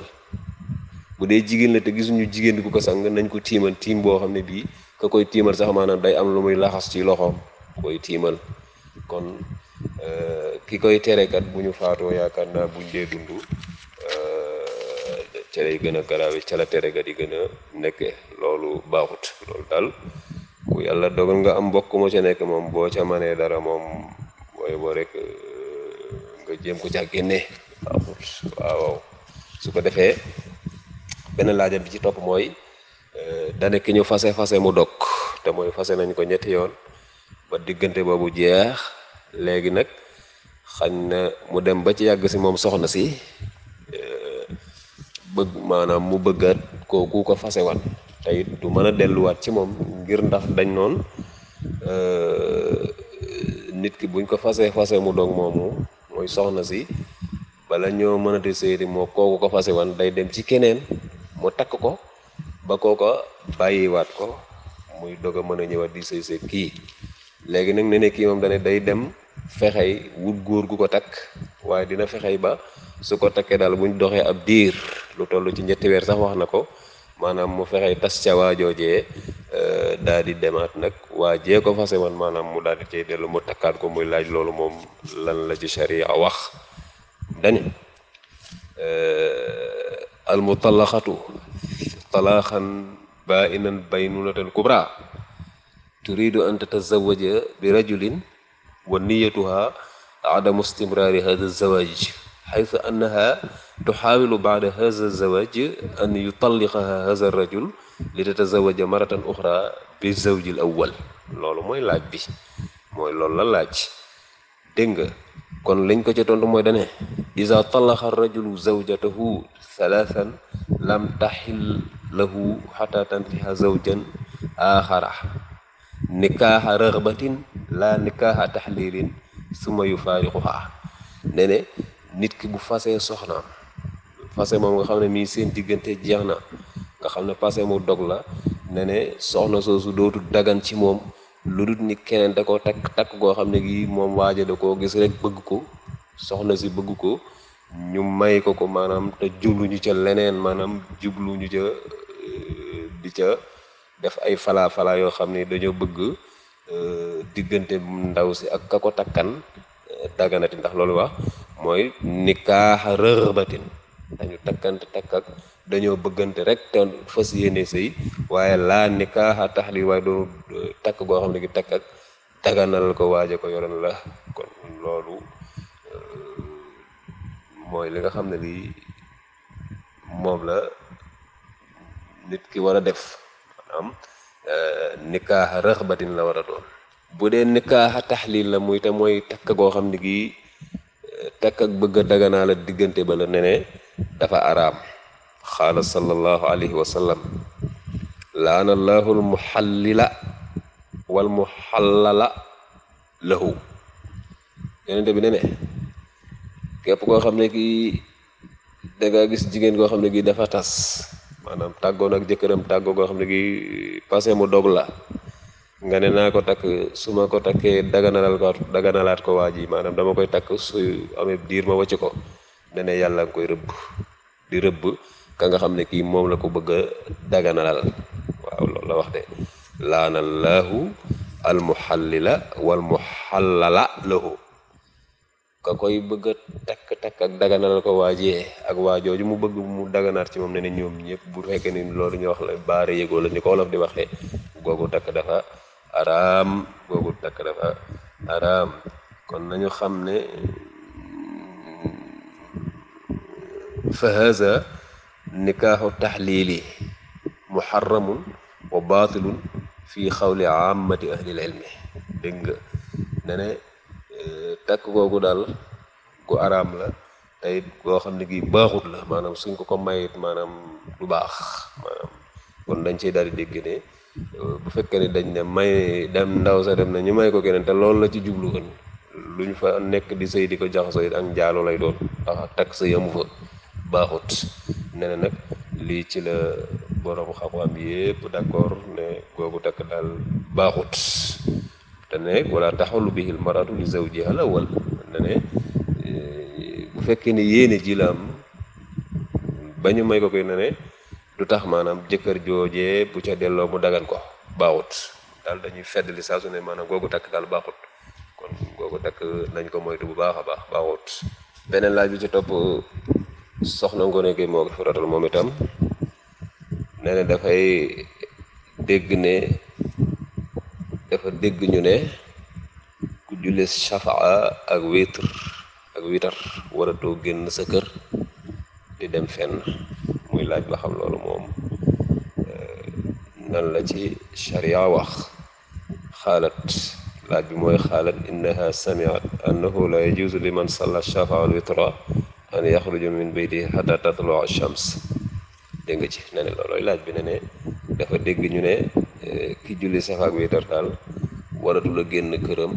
A: bu dee jigéen la te gisuñu jigéen gu ko sang nañ ko tiimal tiim boo xam ne bii ka koy tiimal sax maanaam day am lu muy laxas ci loxoom koy tiimal kon euh, ki koy tere terekat bu ñu faatoo yaakaar naa buñ dee dund euh, ca lay gën a garaawe ca la terekat yi gën a nekke loolu baaxut loolu daal ku yàlla dogal nga am mbokk moo ca nekk moom boo ca manee dara moom mooy boo rek euh, nga jéem ko ca génne baaxut waaw su ko defee benn laajam bi ci topp mooy dane ki ñu fase fase mu dog te mooy fase nañ ko ñetti yoon ba diggante boobu jeex léegi nag xañ na mu dem ba ci yàgg si moom soxna si eh, bëgg maanaam mu bëggaat kooku ko fasewan te it du mën a delluwaat ci moom ngir ndax dañ noon eh, nit ki buñ ko fase fase mu doog moomu mooy soxna si bala ñoo mënati séyti moo kooku ko fasewan day dem ci keneen mu takk ko ba kooka bàyyiwaat ko muy doog a mën a ñëwaat di sëy see kii léegi nag ne ne kii moom dane day dem fexey wut góor gu ko takk waaye dina fexey ba su ko takkee daal buñ doxee ab diir lu toll ci ñetti weer sax wax na ko maanaam mu fexey tas ca waajoojee euh, daal di demaat nag waa jee ko fase maanaam mu daal di cay dellu mu takkaat ko muy laaj loolu moom lan la ci sharia wax dani euh, almutallaqatu talaaxan baa inan baynunatan kubra turidu an tatazawaja bi rajulin wa niyatuha adamu istimraari hada alzawaaj xaytu annaha tuxaawilu baada hada alzawaaj an yutalliqaha hada alrajul li tatazawaja maratan uxra bi zawji awal loolu mooy laaj bi mooy loolu la laaj dégg kon lañ ko ca tontu mooy dane isa talaxa rajulu zawjatahu thalathan lam taxil lahu xata tankixa zawjan axara nikaaxa rëxbatin la nikaaxa taxliilin suma yu faarixuha ne ne nit ki bu fasee soxnaam fase moom nga xam ne mii seen diggante jeex na nga xam ne passé mu dog la ne ne soxna su dootul dagan ci moom lu dut ni keneen da ko takk takk koo xam ne gii moom waaja da koo gis rek bëggu ko soxna si bëgg ko ñu may ko ko maanaam te jubluñu ca leneen maanaam jubluñu ca di ca def ay falaa falaa yoo xam ni dañoo bëgg euh, diggante ndaw si ak ka takkan euh, daganati ndax loolu wax mooy nikaax rërbatin dañu takkante takk ak dañoo bëggante rek te fas yéene sëy waaye laa nikaaxa tax li waaye doonu takk goo xam ne gi takk ak daganal ko waaje ko yoroon la kon loolu euh, mooy li nga xam ne lii moom la nit ki war a def am euh, nikaaxa la war a doon bu dee nikaaxa taxliil la muy te mooy takk goo xam ne gii euh, takk ak bëgg a daganaa la diggante ba la nenee dafa araam xaala sallallahu alayhi wa sallam laana allahu almuxallila wal muxallala lahu yonente bi ne ne koo xam ne kii da nga gis jigéen koo xam ne gii dafa tas maanaam tàggoon ak jëkkëram tàggoo goo xam ne gi passé mu dog la nga ne naa ko takk su ma ko takkee daganalal ko daganalaat ko waa ji maanaam dama koy takk su amee diir ma wacc ko ne ne yàlla nga koy rëbb di rëbb ka nga xam ne kii moom la ko bëgg a daganalal waaw loolu la wax de laanallaahu almuxallila walmuxallala lahu ka koy bëgg a takk takk ak daganal ko waajee ak waajooju mu bëgg mu daganaat ci moom ne ne ñoom ñëpp bu fekkee ni loolu ñu wax la baare yëgoo la ni ko wolof di waxee googu takk dafa araam googu takk dafa araam kon nañu xam ne fa haza nikaaxu taxliili muharramun wa baatilun fi xawli aamati ahlil ilmi dégg nga takk euh, googu daal gu araam la te it goo xam ne gi baaxut la maanaam suñ ko ko mayit maanaam du baax maanaam kon dañ ciy daal di dégg ne euh, bu fekkee ne dañ ne may dem ndaw sa dem na ñu may ko keneen te loolu la ci jublu woon lu ñu fa nekk di sëy di ko jaxasoo it ak njaalo lay doon ndax takk sa amu fa baaxut ne nag lii ci la borom xam-xam yépp d'accord ne googu takk daal baaxut te ne wala taxalu bihi l maratu li zawjiha al eh, bu fekkee ne yéene ji la ba ñu may ko koy ne ne du tax maanaam jëkkër joojee bu ca delloo mu dagan ko baaxut daal dañuy fedd li saa su ne maanaam googu takk daal baaxut kon googu takk nañ ko moytu bu baax a baax baaxut beneen laaj bi ci topp soxna Ngoné Gaye moo moom itam nee dafay dégg ne dafa dégg ñu ne ku julle shafaa ak witr ak witar waratoo génn sa kër di dem fenn muy laaj ba xam loolu moom euh, nan la ci sharia wax xaalat laaj bi mooy xaalat innaha samiat annahu la yajuuzu liman salla shafaa al an yaxruja min baytihi xata tatluwa shams dégg nga ci ne ne laaj bi ne ne dafa dégg ñu ne Eh, ki julli safaak wiitar daal waratul a génn këram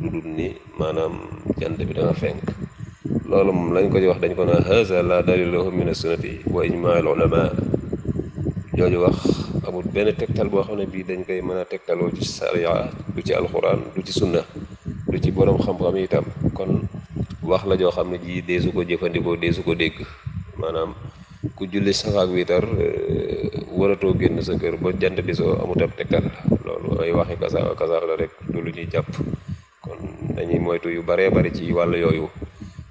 A: lu dul ni maanaam jant bi dana fenk loolu moom lañ ko ci wax dañ ko naan haza la dalil lahu min as-sunnati wa ijmaa'il ulama jooju wax amul benn tegtal boo xam ne bii dañ koy mën a tegtaloo ci sariya du ci alxuraan du ci sunna du ci borom xam-xam itam kon wax la joo xam ne jii deesu ko jëfandikoo su ko dégg maanaam ku julli safaak wiitar euh, waratoo génn sa kër ba jant bi soo amut ab tegtal loolu ay waxi kasaaw kasaaw la rek du lu ñuy jàpp kon dañuy moytu yu baree bari ci wàll yooyu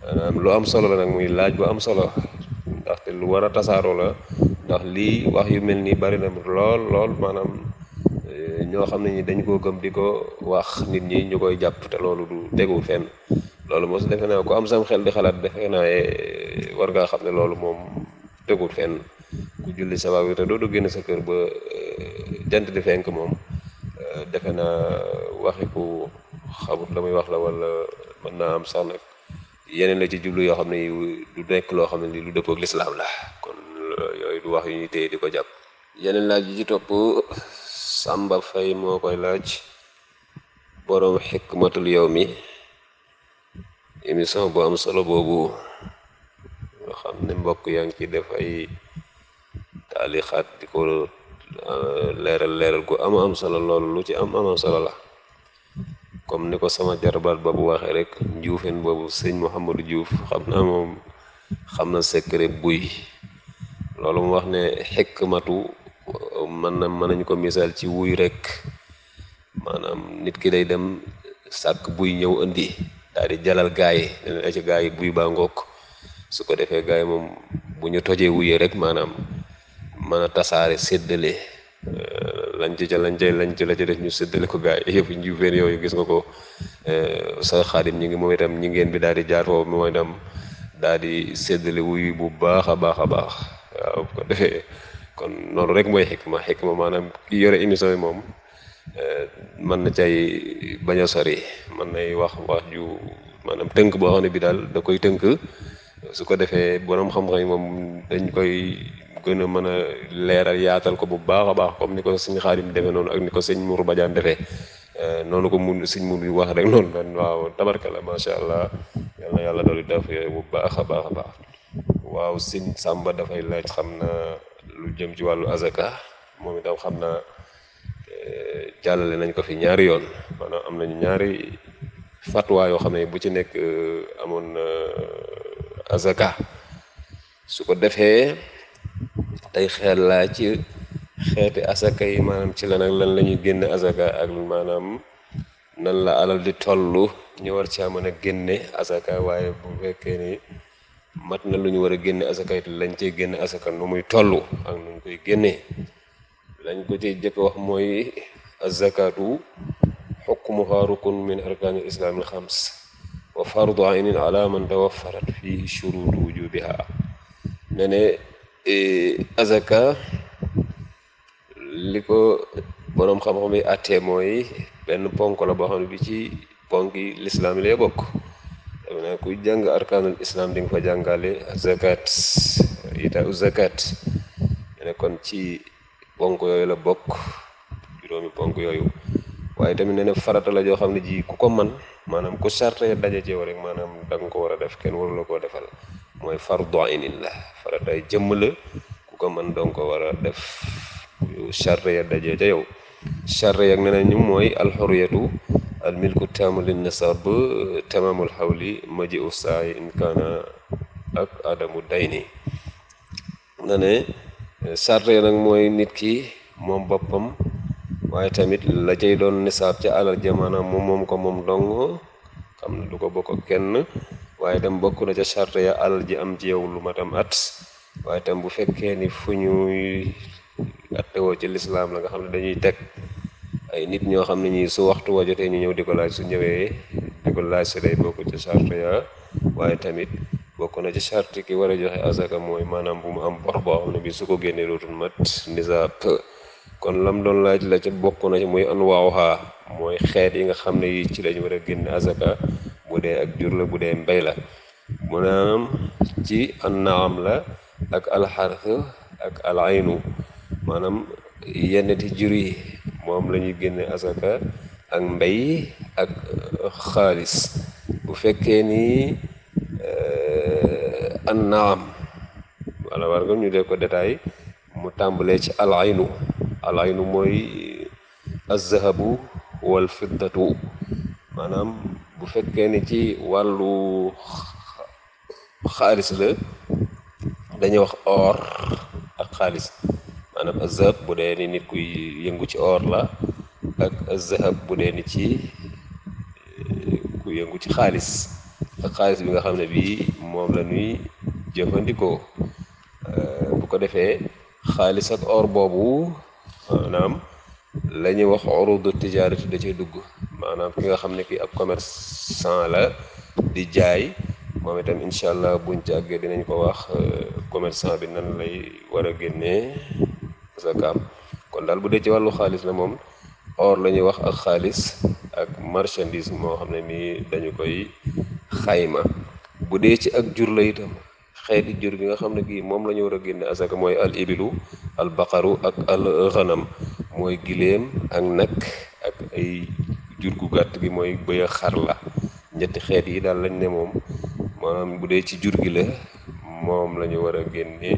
A: maanaam lu am solo la nag muy laaj bu am solo ndaxte lu war a tasaaroo la ndax lii wax yu mel nii bari na lool lool maanaam euh, ñoo xam ne ñi dañu ko gëm di ko wax nit ñi ñu koy jàpp te loolu du tegul fenn loolu mos defe naa ko am sam xel di xalaat defe naa eh, war ngaa xam ne loolu moom tegul fenn ku julli sa waaw te doo génn sa kër ba eh, jant di fenk moom eh, defe na waxi ku xamut la muy wax la wala mën naa am sax nag yeneen la ci jublu yoo xam ne du nekk loo xam ne li lu dëppook lislaam la kon eh, yooyu du wax yu ñuy téye di ko jàpp yeneen laaj yi ci topp Samba Fay moo koy laaj boroom xikmatul yow mi émission bu am solo boobu nga xam ne mbokk yaa ngi ci def ay taalixaat di ko euh, leeral leeral gu am am solo loolu lu ci am am solo la comme ni ko sama jarbaat boobu waxee rek njuufeen boobu sëñ Mouhamadou Diouf xam naa moom xam na secret buy loolu mu wax ne xikmatu mën na mën nañ ko misaal ci wuy rek maanaam nit ki day dem sàkk buy ñëw indi daal di jalal gaay yi ne ci gaay buy baa ngook su ko defee gars yi moom bu ñu tojee wuye rek maanaam mën a tasaare séddale euh, lañ ci ca lañ cay lañ ci la ca def ñu seddale ko gars yëpp yëpp njuufeen yooyu gis nga ko euh, sa xaadim ñi ngi moom itam ñi ngeen bi daal di jaar foofu moom itam daal di séddale bu baax a baax a baax ko defee kon noonu rek mooy xikma maanaam yore émission yi moom euh, mën na cay bañ a sori man nay wax wax ju maanaam tënk boo xam ne bi daal da koy tënk su ko defee borom xam-xam yi moom dañ koy gën a mën a leeral yaatal ko bu baax a baax comme ni ko sëñ Xaadim defee noonu ak ni ko sëñ Mourou Badiane defee euh, noonu ko mun sëñ Mourou wax rek noonu lan waaw tabarkalla macha allah yal na yàlla doolu daf yooyu bu baax a baax a baax waaw sëñ Samba dafay laaj xam na lu jëm ci wàllu azaka moom itam xam na euh, jàllale nañ ko fi ñaari yoon maanaam am nañu ñaari fatwa yoo xam ne bu ci nekk euh, amoon azaka su ko defee tey xeet laa ci xeeti asaka yi maanaam ci lan ak lan la ñuy génne azaka ak maanaam nan la alal di tollu ñu war caa mën a génne asaka waaye bu fekkee ni mat na lu ñu war a génne asaka it lañ cee génne asaka nu muy tollu ak nu koy génnee lañ ko cey jëkk wax mooy azakatu xukmuha rukun min arkaanil islaamil xams wa fardu aynin ala man tawaffarat fihi shurutu wujubiha ne ne e, azaka li ko boroom xam-xam yi àttee benn ponk la boo bi ci ponk yi lislaam yi lay bokk dama ne ku jàng arkaanul islam di fa jàngale zakat ita u zakat ne kon ci ponk yooyu la bokk juróomi ponk yooyu waaye tamit nee na farata la joo xam ne ji ku ko man maanaam ku sarte daje ci yow rek maanaam da nga ko war def kenn waru la koo defal mooy fardu aynin la farata jëmm la ku ko man dong ko war a def sarte ya daje ca yow sarte yak nee nañu mooy alxuriyatu al milku taamu lin nasab tamaamul xawli maji u saay in kaana ak adamu dayni na sarte ya nag mooy nit ki moom boppam waaye tamit la cay doon nisaab ca alal ja moom moom ko moom dong xam ne du ko bokk kenn waaye tam bokk na ca charte ya alal ji am ci yow lu matam at waaye tam bu fekkee ni fu ñuy attewoo ci lislaam la nga xam ne dañuy teg ay nit ñoo xam ne ñi su waxtu wa jotee ñu ñëw di ko su ñëwee di ko laaj si day bokk ca charte ya waaye tamit bokk na ci charte ki war a joxe asaka mooy maanaam bu mu am bor boo xam ne bi su ko génnee dootul mat nisaab kon lam doon laaj la ca bokk na ci muy anwaawuha mooy xeet yi nga xam ne yi ci lañ wara a génn azaka bu dee ak jur la bu dee mbay la mu naam ci annaam la ak alxarf ak alaynu maanaam yennti jur yi moom la ñuy génne azaka ak mbay ak euh, xaalis bu fekkee ni euh, annaam wala war nga ñu dee ko détail mu tàmbalee ci alaynu alaynu mooy azzahabu wal fiddatu maanaam bu fekkee ni ci wàllu xaalis la dañuy wax or ak xaalis maanaam azahab bu dee ni nit kuy yëngu ci or la ak azahab bu dee ni ci eh, ku yëngu ci xaalis ak xaalis bi nga xam ne bii moom la ñuy jëfandikoo eh, bu ko defee xaalis ak or boobu maanaam la ñuy wax urudu tijaarati da cay dugg maanaam ki nga xam ne kii ab commerçant la di jaay moom itam incha allah buñ ci àggee dinañ ko wax euh, commerçant bi nan lay war a génnee zakaam kon daal bu dee ci wàllu xaalis na moom or la ñuy wax ak xaalis ak marchandise moo xam ne mii dañu koy xayma bu dee ci ak jur la itam xeeti jur gi nga xam ne gii moom lañu war a génne asaka mooy al ibilu al baqaru ak al xanam mooy gileem ak nag ak ay jur gu gàtt mooy bëy a xar la ñetti xeet yi daal lañ ne moom maanaam bu dee ci jur gi moom la war a génne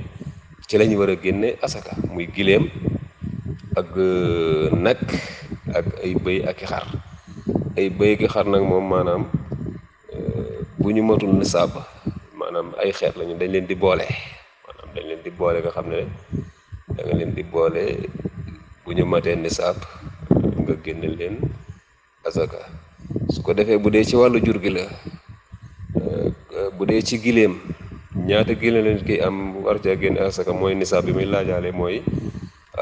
A: ci la war a génne asaka muy giléem ak euh, nag ak ay bëy ak i xar ay bëy xar nag moom maanaam euh, bu ñu matul nisaab ay xeet lañu dañ leen di boole maanaam dañ leen di boole nga xam ne da leen di boole bu ñu matee nisaab nga génne leen azaka su ko defee bu dee ci wàllu jur gi la euh, bu dee ci gileem ñaata gileem leen kiy am war caa génne azaka mooy nisaab bi muy laajaale mooy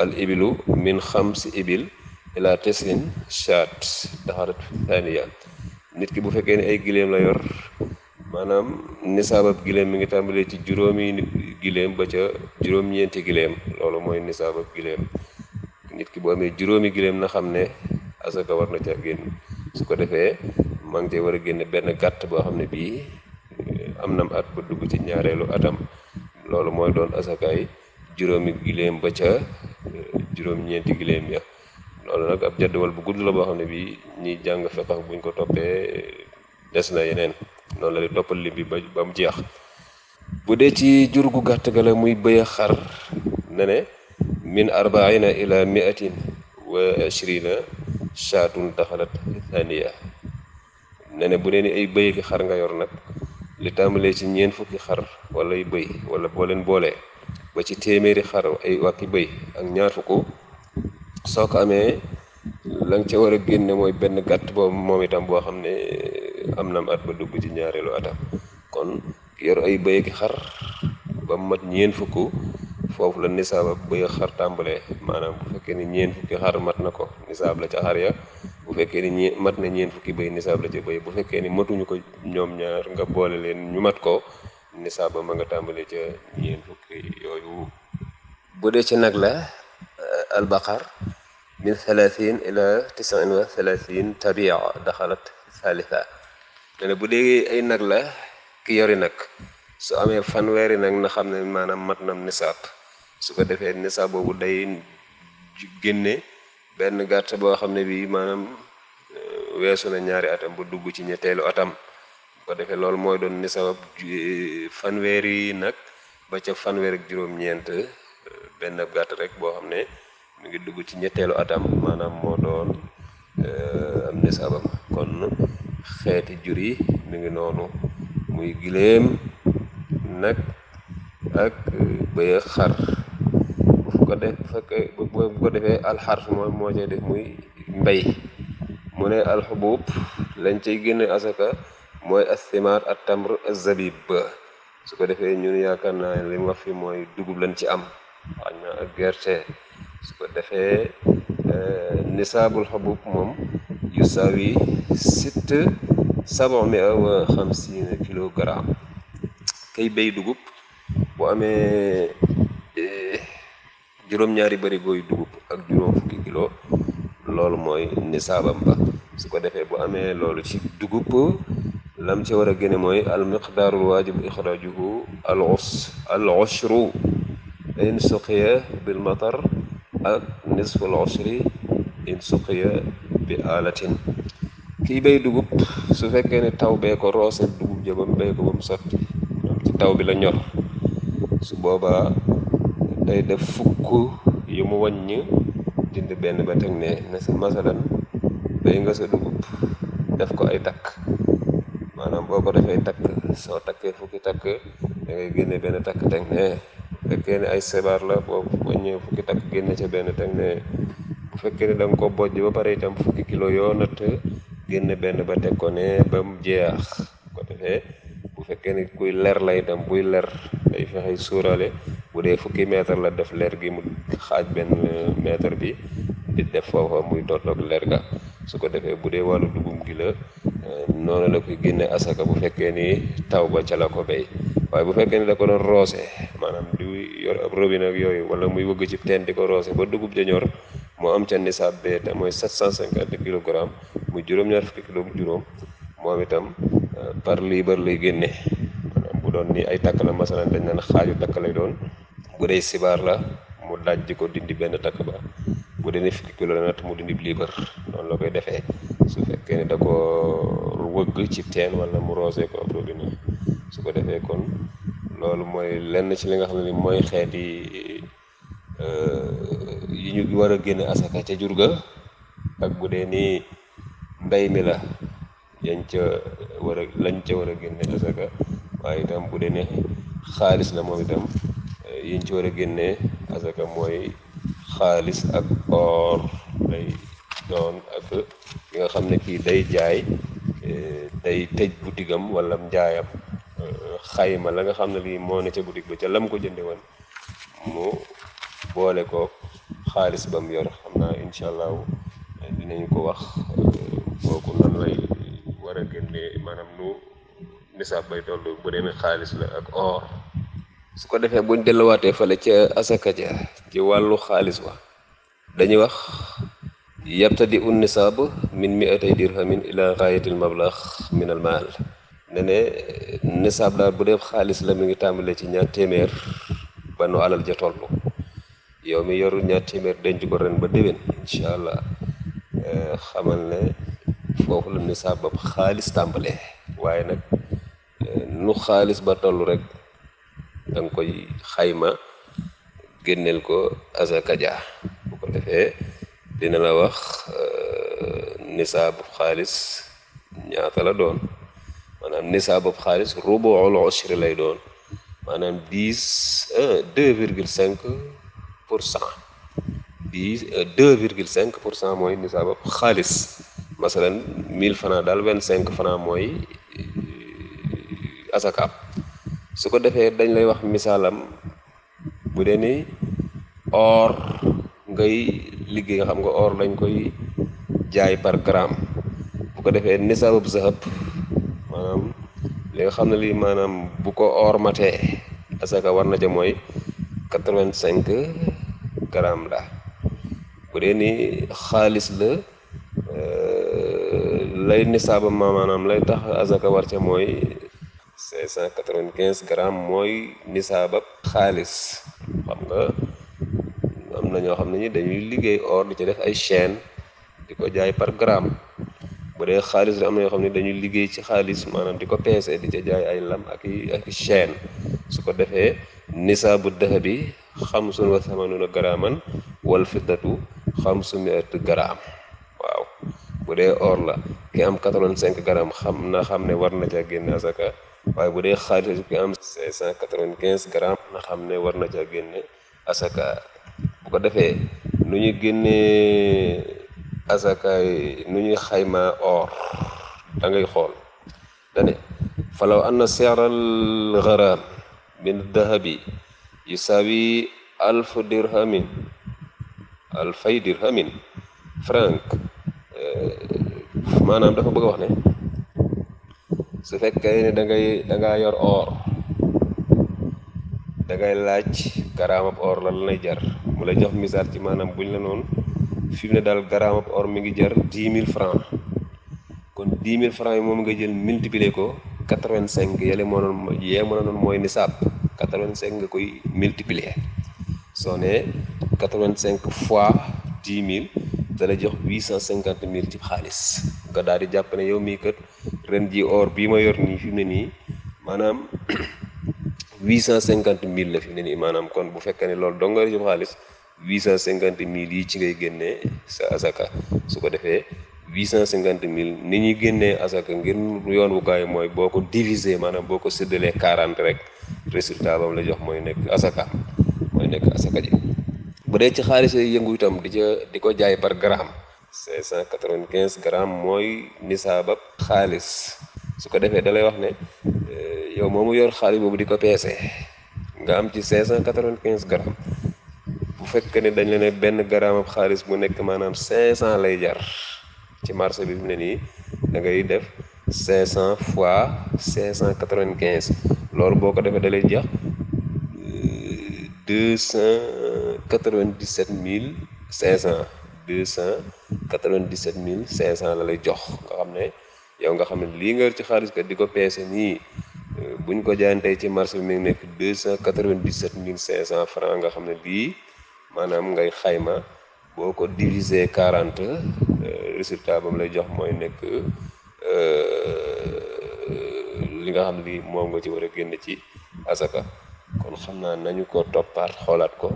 A: al ibilu min xamsi ibil ila tesin chat daxarat nit ki bu fekkee ne ay gileem la yor maanaam nisaabab gileem mi ngi tàmbalee ci juróomi giléem ba ca juróom-ñeenti gileem loolu mooy nisaabab gileem nit ki boo amee juróomi giléem na xam ne asaka war na ca génn su ko defee maa ngi cee war a génne benn gàtt boo xam ne bii eh, am nam at ba dugg ci ñaareelu atam loolu mooy doon asakaay juróomi gileem ba ca eh, juróom-ñeenti gileem ya loolu nag ab jadwal bu gudd la boo xam ne bii ñuy jàng fekkax buñ ko toppee des na yeneen noonu la di toppal lim bi ba ba mu jeex bu dee ci jur gu gàtt ga la muy bëy xar na ne min arbaina ila miatin wa ashrina shaatun daxalat thaniya ne bu dee ay bëy xar nga yor nag li tàmbalee ci ñeent fukki xar wala ay bëy wala boo leen ba ci téeméeri xar ay wàkki bëy ak ñaar fukk soo ko amee la nga ca war a génne mooy benn gàtt boobu moom itam boo xam ne eh, am na at ba dugg ci ñaareelu atam kon yor ay bëy ak xar ba mat ñeen fukk foofu la nisaab ak bëy xar tàmbalee maanaam bu fekkee ni ñeen fukki xar mat na ko nisaab la ca bu fekkee ni ñe mat na ñeen fukki bëy nisaab la ca bëy bu fekkee ni matuñu ko ñoom ñaar nga boole leen ñu mat ko nisaab ba ma nga tàmbalee ca ñeen fukki yooyu bu dee ci nag la eh, albaqar من ثلاثين إلى تسع وثلاثين تبيع دخلت ثالثة ne bu dee ay nag la ki yori nag su amee fanweeri nag na xam ne maanaam mat nam nisaab su ko defee nisaab boobu day génne benn gàtt boo xam ne bii maanaam euh, weesu na ñaari atam bu dugg ci ñetteelu atam bu ko defee loolu mooy doon nisaab fanweeri nag ba ca fanweer ak juróom-ñeent euh, benn gàtt rek boo xam ne mi ngi dugg ci ñetteelu atam maanaam moo doon euh, am nisaabam kon xeeti jur yi mi ngi noonu muy giléem nag ak bëy xar bu ko def bu ko defee alxar moom moo cay def muy mbéy mu ne alxubuub lañ cay génne asaka mooy astimaar at tamr zabib su ko defee ñun yaakaar naa li mu wax fi mooy dugub lañ ci am a gerte su ko defee euh, nisaabul xubub moom yu saawi sitt sabon mi wa kilo kilogramme kay béy dugub bu amee euh, juróom-ñaari barigo dugub ak juróom fukki kilo loolu mooy nisaabam ba su ko defee bu amee loolu ci dugub lam ci war a génne mooy al miqdaarul waajib ixraajuhu al us al ushru in suqiya bil matar ak nisful usri in suqiya bi alatin kiy bay dugub su fekkee ne taw bee ko rooseel dugub ja ba mu bay ko ba mu sotti taw bi la ñor su boobaa day def fukk yu mu wàññi dindi benn ba teg ne ne si masalan bay nga sa dugub def ko ay takk maanaam boo ko defee takk soo takkee fukki takk da génne benn takk teg fekkee ne ay sebaar la boo wàññee fukki takk génne ca benn teg ne bu fekkee ne da nga ko bojj ba pare itam fukki kilo yoo natt génne benn ba teg ko ne ba mu jeex ko defee bu fekkee ne kuy ler la itam buy ler day suurale bu dee fukki mètre la def leer gi mu xaaj benn mètre bi di def foofa muy tolloog leer ga su ko defee bu dee wàllu dugub gi la eh, noonu la koy génne asaka bu fekkee ni taw ba ca la ko béy waaye bu fekkee ni da ko doon roose maanaam di yor ab robinet ak yooyu wala muy wëgg ci teen di ko roose ba dugub ja ñor moo am ca nisaab bee te mooy 750 kilogrammes mu juróom-ñaar fukki kilo juróom moom itam euh, par liibar lay génne bu doon ni ay takk la masalan dañ naan xaaju takk lay doon bu dee sibaar la mu daj di ko dindi benn takk ba bu dee ne fukki kilo la natt mu dindi liibar noonu la koy defee su fekkee ne da ko wëgg ci teen wala mu roose ko ab robinet su ko defee kon loolu mooy lenn ci li nga xam ne mooy xeeti euh, yi ñu war a génn asaka ca jur ga ak bu dee nii mbay mi la yañ ca war lañ ca war a génne asaka waaye itam bu dee ne xaalis la moom itam euh, yiñ ci war a génne asaka mooy xaalis ak or lay doon ak ki nga xam ne kii day jaay euh, day tëj butigam wala njaayam xayma la nga xam ne lii moo ne ca boutique ba ca lam ko jënde woon mu boole ko xaalis ba mu yor xam naa incha allah dinañu ko wax euh, kooku nan lay war a génnee nu nisaab bay toll bu demee xaalis la ak or su ko defee buñ delluwaatee fale ca asaka ci wàllu xaalis wa dañuy wax di un nisaab min mi'atay dirhamin ila gaayatil mablax min al ne ne nisaab daal bu dee xaalis la mi ngi tàmbalee ci ñaar téeméer ba ja toll yow mi yorul ñaar denc ko ren ba déwén incha allah eh, xamal ne foofu la xaalis tàmbalee waaye nag eh, nu xaalis ba toll rek da koy xayma génneel ko asaka bu ko defee dina la wax eh, nisaabu xaalis ñaata la doon maanaam nisaabab xaalis rubuul ushri lay doon maanaam dix euh, deux virgule cinq pour cent dix euh, deux virgule cinq pour cent mooy nisaabab xaalis masalan mille francs daal vingt cinq francs mooy euh, asakaab su ko defee dañ lay wax misaalam bu dee ni or ngay liggéey nga xam nga or lañ koy jaay par gramme bu ko defee nisaabab zahab maanaam li nga xam na lii maanaam bu ko or matee asaka war na ca mooy quatre-vingt-cinq grammes la bu dee ni xaalis la euh, lay nisaaba maanaam lay tax asaka war ca mooy cinq cent quatre-vingt-quinze grammes mooy nisaaba xaalis xam nga am na ñoo xam ne ñi dañuy liggéey or di ci def ay chaîne di ko jaay par gramme bu dee xaalis la am na yoo xam ne dañuy liggéey ci xaalis maanaam di ko peese di ca jaay ay lam ak ak chaîne su ko defee nisaabu dahabi xamsun wa samanuna garaaman wal fiddatu xamsu miatu garaam waaw bu dee or la ki am 85 grammes xam na xam ne war na caa génne waaye bu dee xaalis ki am 595 grammes na xam ne war na caa génne asaka bu ko defee nu ñu génnee asakaay nu ñuy xayma or ngay xool dane falaw anna seeral garaam min dahabi yusaawi alf dirhamin eh, maanaam dafa bëgg wax ne su fekkee ne da ngay yor or da laaj garaamab or lan lay jar mu lay jox misaal ci maanaam buñ la noonu fi ne daal gramme or mi ngi jar dix mille francs kon dix mille francs yi moom nga jël multiplier ko quatre vingt cinq yële moo doon yee moo doon mooy nisaab quatre vingt cinq nga koy multiplier soo ne quatre vingt cinq fois dix mille dala jox huit cinquante mille ci xaalis nga daal di jàpp yow mii kat ren ji or bii ma yor nii fi mu ne nii maanaam huit cent cinquante mille la ne nii maanaam kon bu fekkee ne loolu dong nga ci xaalis. huit cent mille yi ci ngay génnee sa asaka su ko defee huit cent cinquante mille ni ñuy génnee asaka ngir yoon wu mooy boo ko diviser maanaam boo ko séddalee quarante rek résultat bam la jox mooy nekk asaka mooy nekk asaka ji bu dee ci xaalis yooyu yëngu itam di ca di ko jaay par gramme cent quatre-vingt-quinze gramme mooy nisaabab xaalis su ko defee da wax ne eh, yow moomu yor xaalis boobu di ko peese nga am ci cinq cent quatre vingt gramme bu fekkee ne dañ la ne benn garaam xaalis bu nekk maanaam 500 lay jar ci marché bi mu ne nii da ngay def 500 fois 595 loolu boo ko defee da lay jeex 297 500 297 500 la lay jox nga xam ne yow nga xam ne lii nga ci xaalis kat di ko peese nii. Euh, buñ ko jaayantee ci marché bi mi nekk deux cent quatre-vingt-dix-sept mille cent francs nga xam ne bii maanaam ngay xayma boo ko diviser quarante euh, résultat ba lay jox mooy nekk euh, li nga xam li moom nga ci war a génn ci asaka kon xam naa nañu ko toppaat xoolaat ko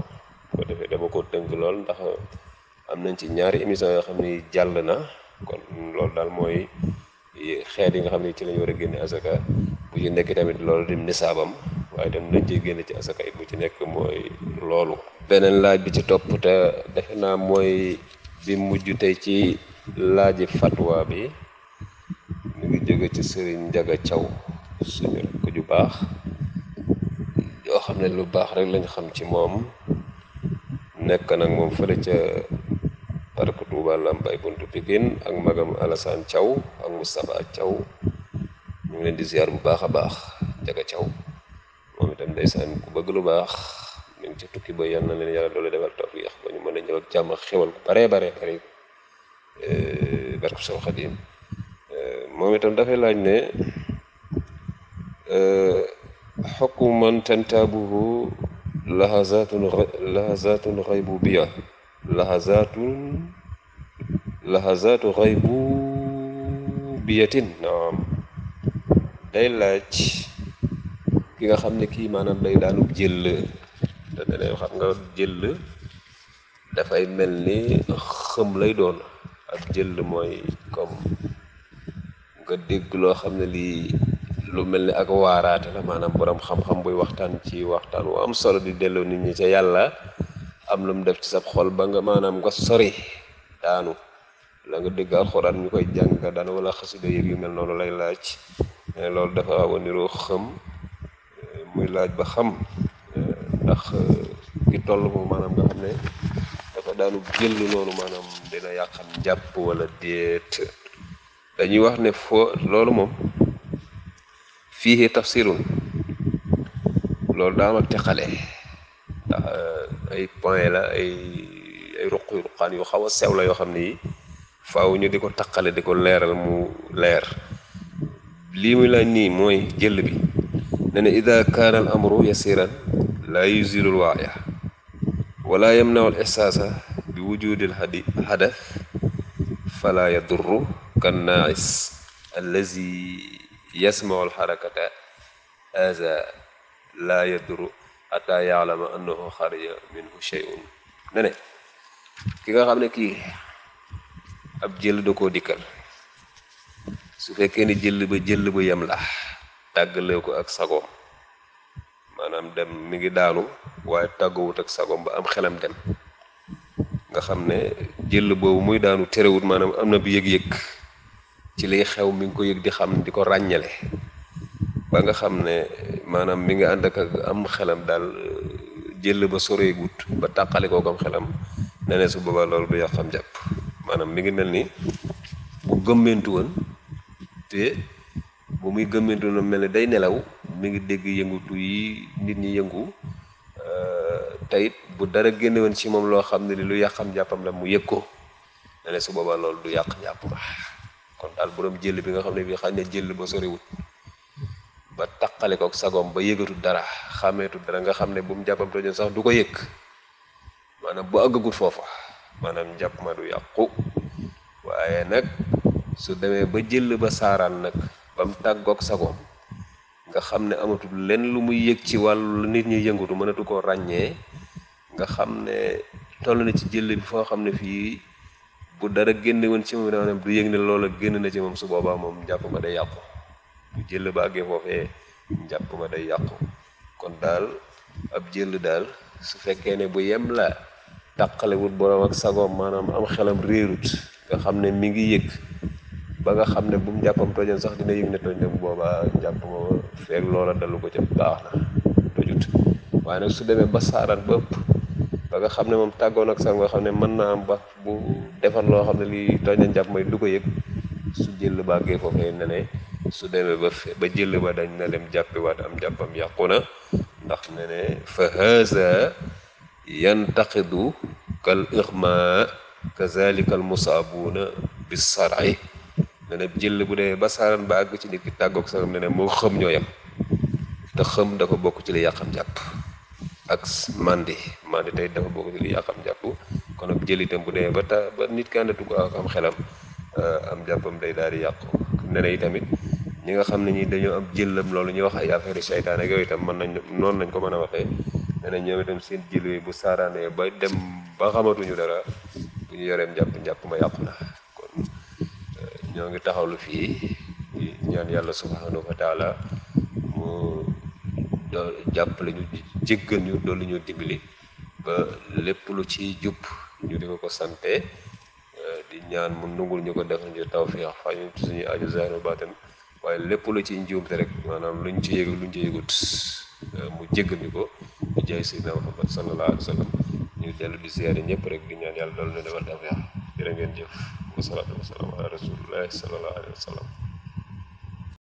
A: bu ko defee dama ko tënk lool ndax am nañ ci ñaari émission yoo xam ni jàll na kon loolu daal mooy xeet yi nga xam ne ci lañu war a génne asaka bu ci nekk tamit lool di nesaabam waaye dem nañ ci génn ci asaka it bu ci nekk mooy loolu beneen laaj bi ci topp te defe naa mooy bi mujj tey ci laaji fatwa bi ñu ngi jóge ci sëriñ Njaga Caw suñu rek ku ju baax yoo xam ne lu baax rek lañu xam ci moom nekk nag moom fële ca parc Touba Lambaye buntu Pikine ak magam Alassane Caw ak Moustapha Caw ñu ngi leen di ziar bu baax a baax Njaga Caw moom itam ndeysaan ku bëgg lu baax ñu ngi ci tukki ba yal na leen yàlla doole defal tawfiix ba ñu eh, eh, moom itam dafay laaj ne xokku eh, man tantaabuhu lahazatun lahazatun xaybu biya lahazatun lahazatu biyatin naam day laaj ki nga xam ne kii maanaam day daanub jël te ne leen xam nga jël dafay mel ni xëm lay doon ak jël mooy comme nga dégg loo xam ne lii lu mel ni ak waaraate la maanaam boroom xam-xam buy waxtaan ci waxtaan wu am solo di delloo nit ñi ca yàlla am lu mu def ci sab xol ba nga maanaam nga sori daanu la nga dégg alxuraan ñu koy jàng daan wala xasida yëg yu mel noonu lay laaj loolu dafa awa xëm eh, muy laaj ba xam ndax euh, ki toll moom maanaam nga xam ne dafa daanu jël loolu maanaam dina yàqam jàpp wala déet dañuy wax ne foo loolu moom fii tafsirun loolu daama teqale ndax euh, ay point la ay ay ruq yu ruqaan yu xaw a sew la yoo xam ne yi faaw ñu di ko taqale di ko leeral mu leer lii muy la nii mooy jël bi ne na ida kaana al laa yusilul waaya wala yamnaw al ixsaasa bi wujudil hadi hadaf fala yadurru kan naais allazi yasmau alxarakata laa yadurru ata yaalama annahu xaraja minhu sheyun ne ki nga xam ne kii ab jël da koo dikkal su fekkee ni jël ba jël bu yem la tàggalee ko ak sago maanaam dem mi ngi daanu waaye tàggoowut ak sagom ba am xelam dem nga xam ne jël boobu muy daanu terewut maanaam am na bu yëg-yëg ci liy xew mi ngi ko yëg di xam di ko ràññale ba nga xam ne maanaam mi ngi ànd ak am xelam daal jël ba soreegut ba tàqale koo am xelam ne su boobaa loolu du yàqam jàpp maanaam mi ngi mel ni bu gëmmentu woon te bu muy gëmmantu na mel ni day nelaw mu ngi dégg yëngutu yi nit ñi yëngu euh, tayit bu dara génne woon ci moom loo xam ne li lu yàqam jàppam la mu yëg ko ne ne su boobaa loolu yàq jàpp kon daal borom jël bi nga xam ne bii xañ na jël ba soriwut ba taqale ko ak sagoom ba yëgatul dara xàmmeetul dara nga xam ne bu mu jàppam tojoon sax du ko yëg maanaam bu àggagul foofa maanaam njàpp ma du yàqu waaye nag su demee ba jël ba saaraan nag ba mu tàggoog sagoom nga xam ne amatul lenn lu muy yëg ci wàllu nit ñi yëngatu mënatu koo ràññee nga xam ne toll na ci jël bi foo xam ne fii bu dara génne woon ci moom dama ne du yëg génn na ci moom su boobaa moom njàpp ma day yàqu bu jëlle ba àggee foofee njàpp ma day yàqu kon daal ab jëll daal su fekkee ne bu yem la tàqalewut boroom ak sagoom maanaam am xelam réerut nga xam ne mi ngi yëg ba nga xam ne bu mu njàppam tojoon sax dina yëg ne toj na bu boobaa njàpp moom feeg loola dalu ko ca baax na tojut waaye nag su demee ba saaraan ba ba nga xam ne moom tàggoon ak sax nga xam ne mën naa am ba bu loo xam ne lii toj na njàpp du ko yëg su jël bàggee foofee ne ne su demee ba ba jël dañ na dem jàppiwaat am jàppam yàqu na ndax ne ne fa haza yantaqidu kal ixma kazalika al musaabuuna bis sarai ne ne jël bu demee ba saran ba àgg ci nit ki tàggoog sa ne ne moo xëm ñoo yem te xëm dafa bokk ci li yàq yàqam jàpp ak mandi mandi tey dafa bokk ci li yàqam jàpp kon ak jël itam bu demee ba ta ba nit ki ko ak am euh, am jàppam day daal di yàqu ne ne itamit ñi nga xam ne ñi dañoo am jëllam loolu ñuy wax ay affaire seytaane ak yooyu itam mën nañ noonu lañ ko mën a waxee ne ne ñoom itam seen jël bu saaraanee ba dem ba xamatuñu dara bu ñu yoreem njàpp njàpp ma yàqu na ñoo ngi taxawlu fii di ñaan yàlla subhanahu wa taala mu doo jàppale ñu jéggal ñu doolu ñu dimbali ba lépp lu ci jub ñu di ko sante euh, di ñaan mu nungul ñu ko defal ñu tawfiix faj ñu suñu aju zaahiru baatin waaye lépp lu ci njuumte rek maanaam luñ ci yëgu luñ ci yëgut euh, mu jéggal ñu ko di jaay sayyidina Muhammad sallallahu alayhi wa sallam ñu dellu di ziyaare ñëpp rek di ñaan yàlla doolu ñu defal tawfiix jërë ngeen jëf wasalaatu wasalaam ala rasulillahi sallallahu alayhi wa sallam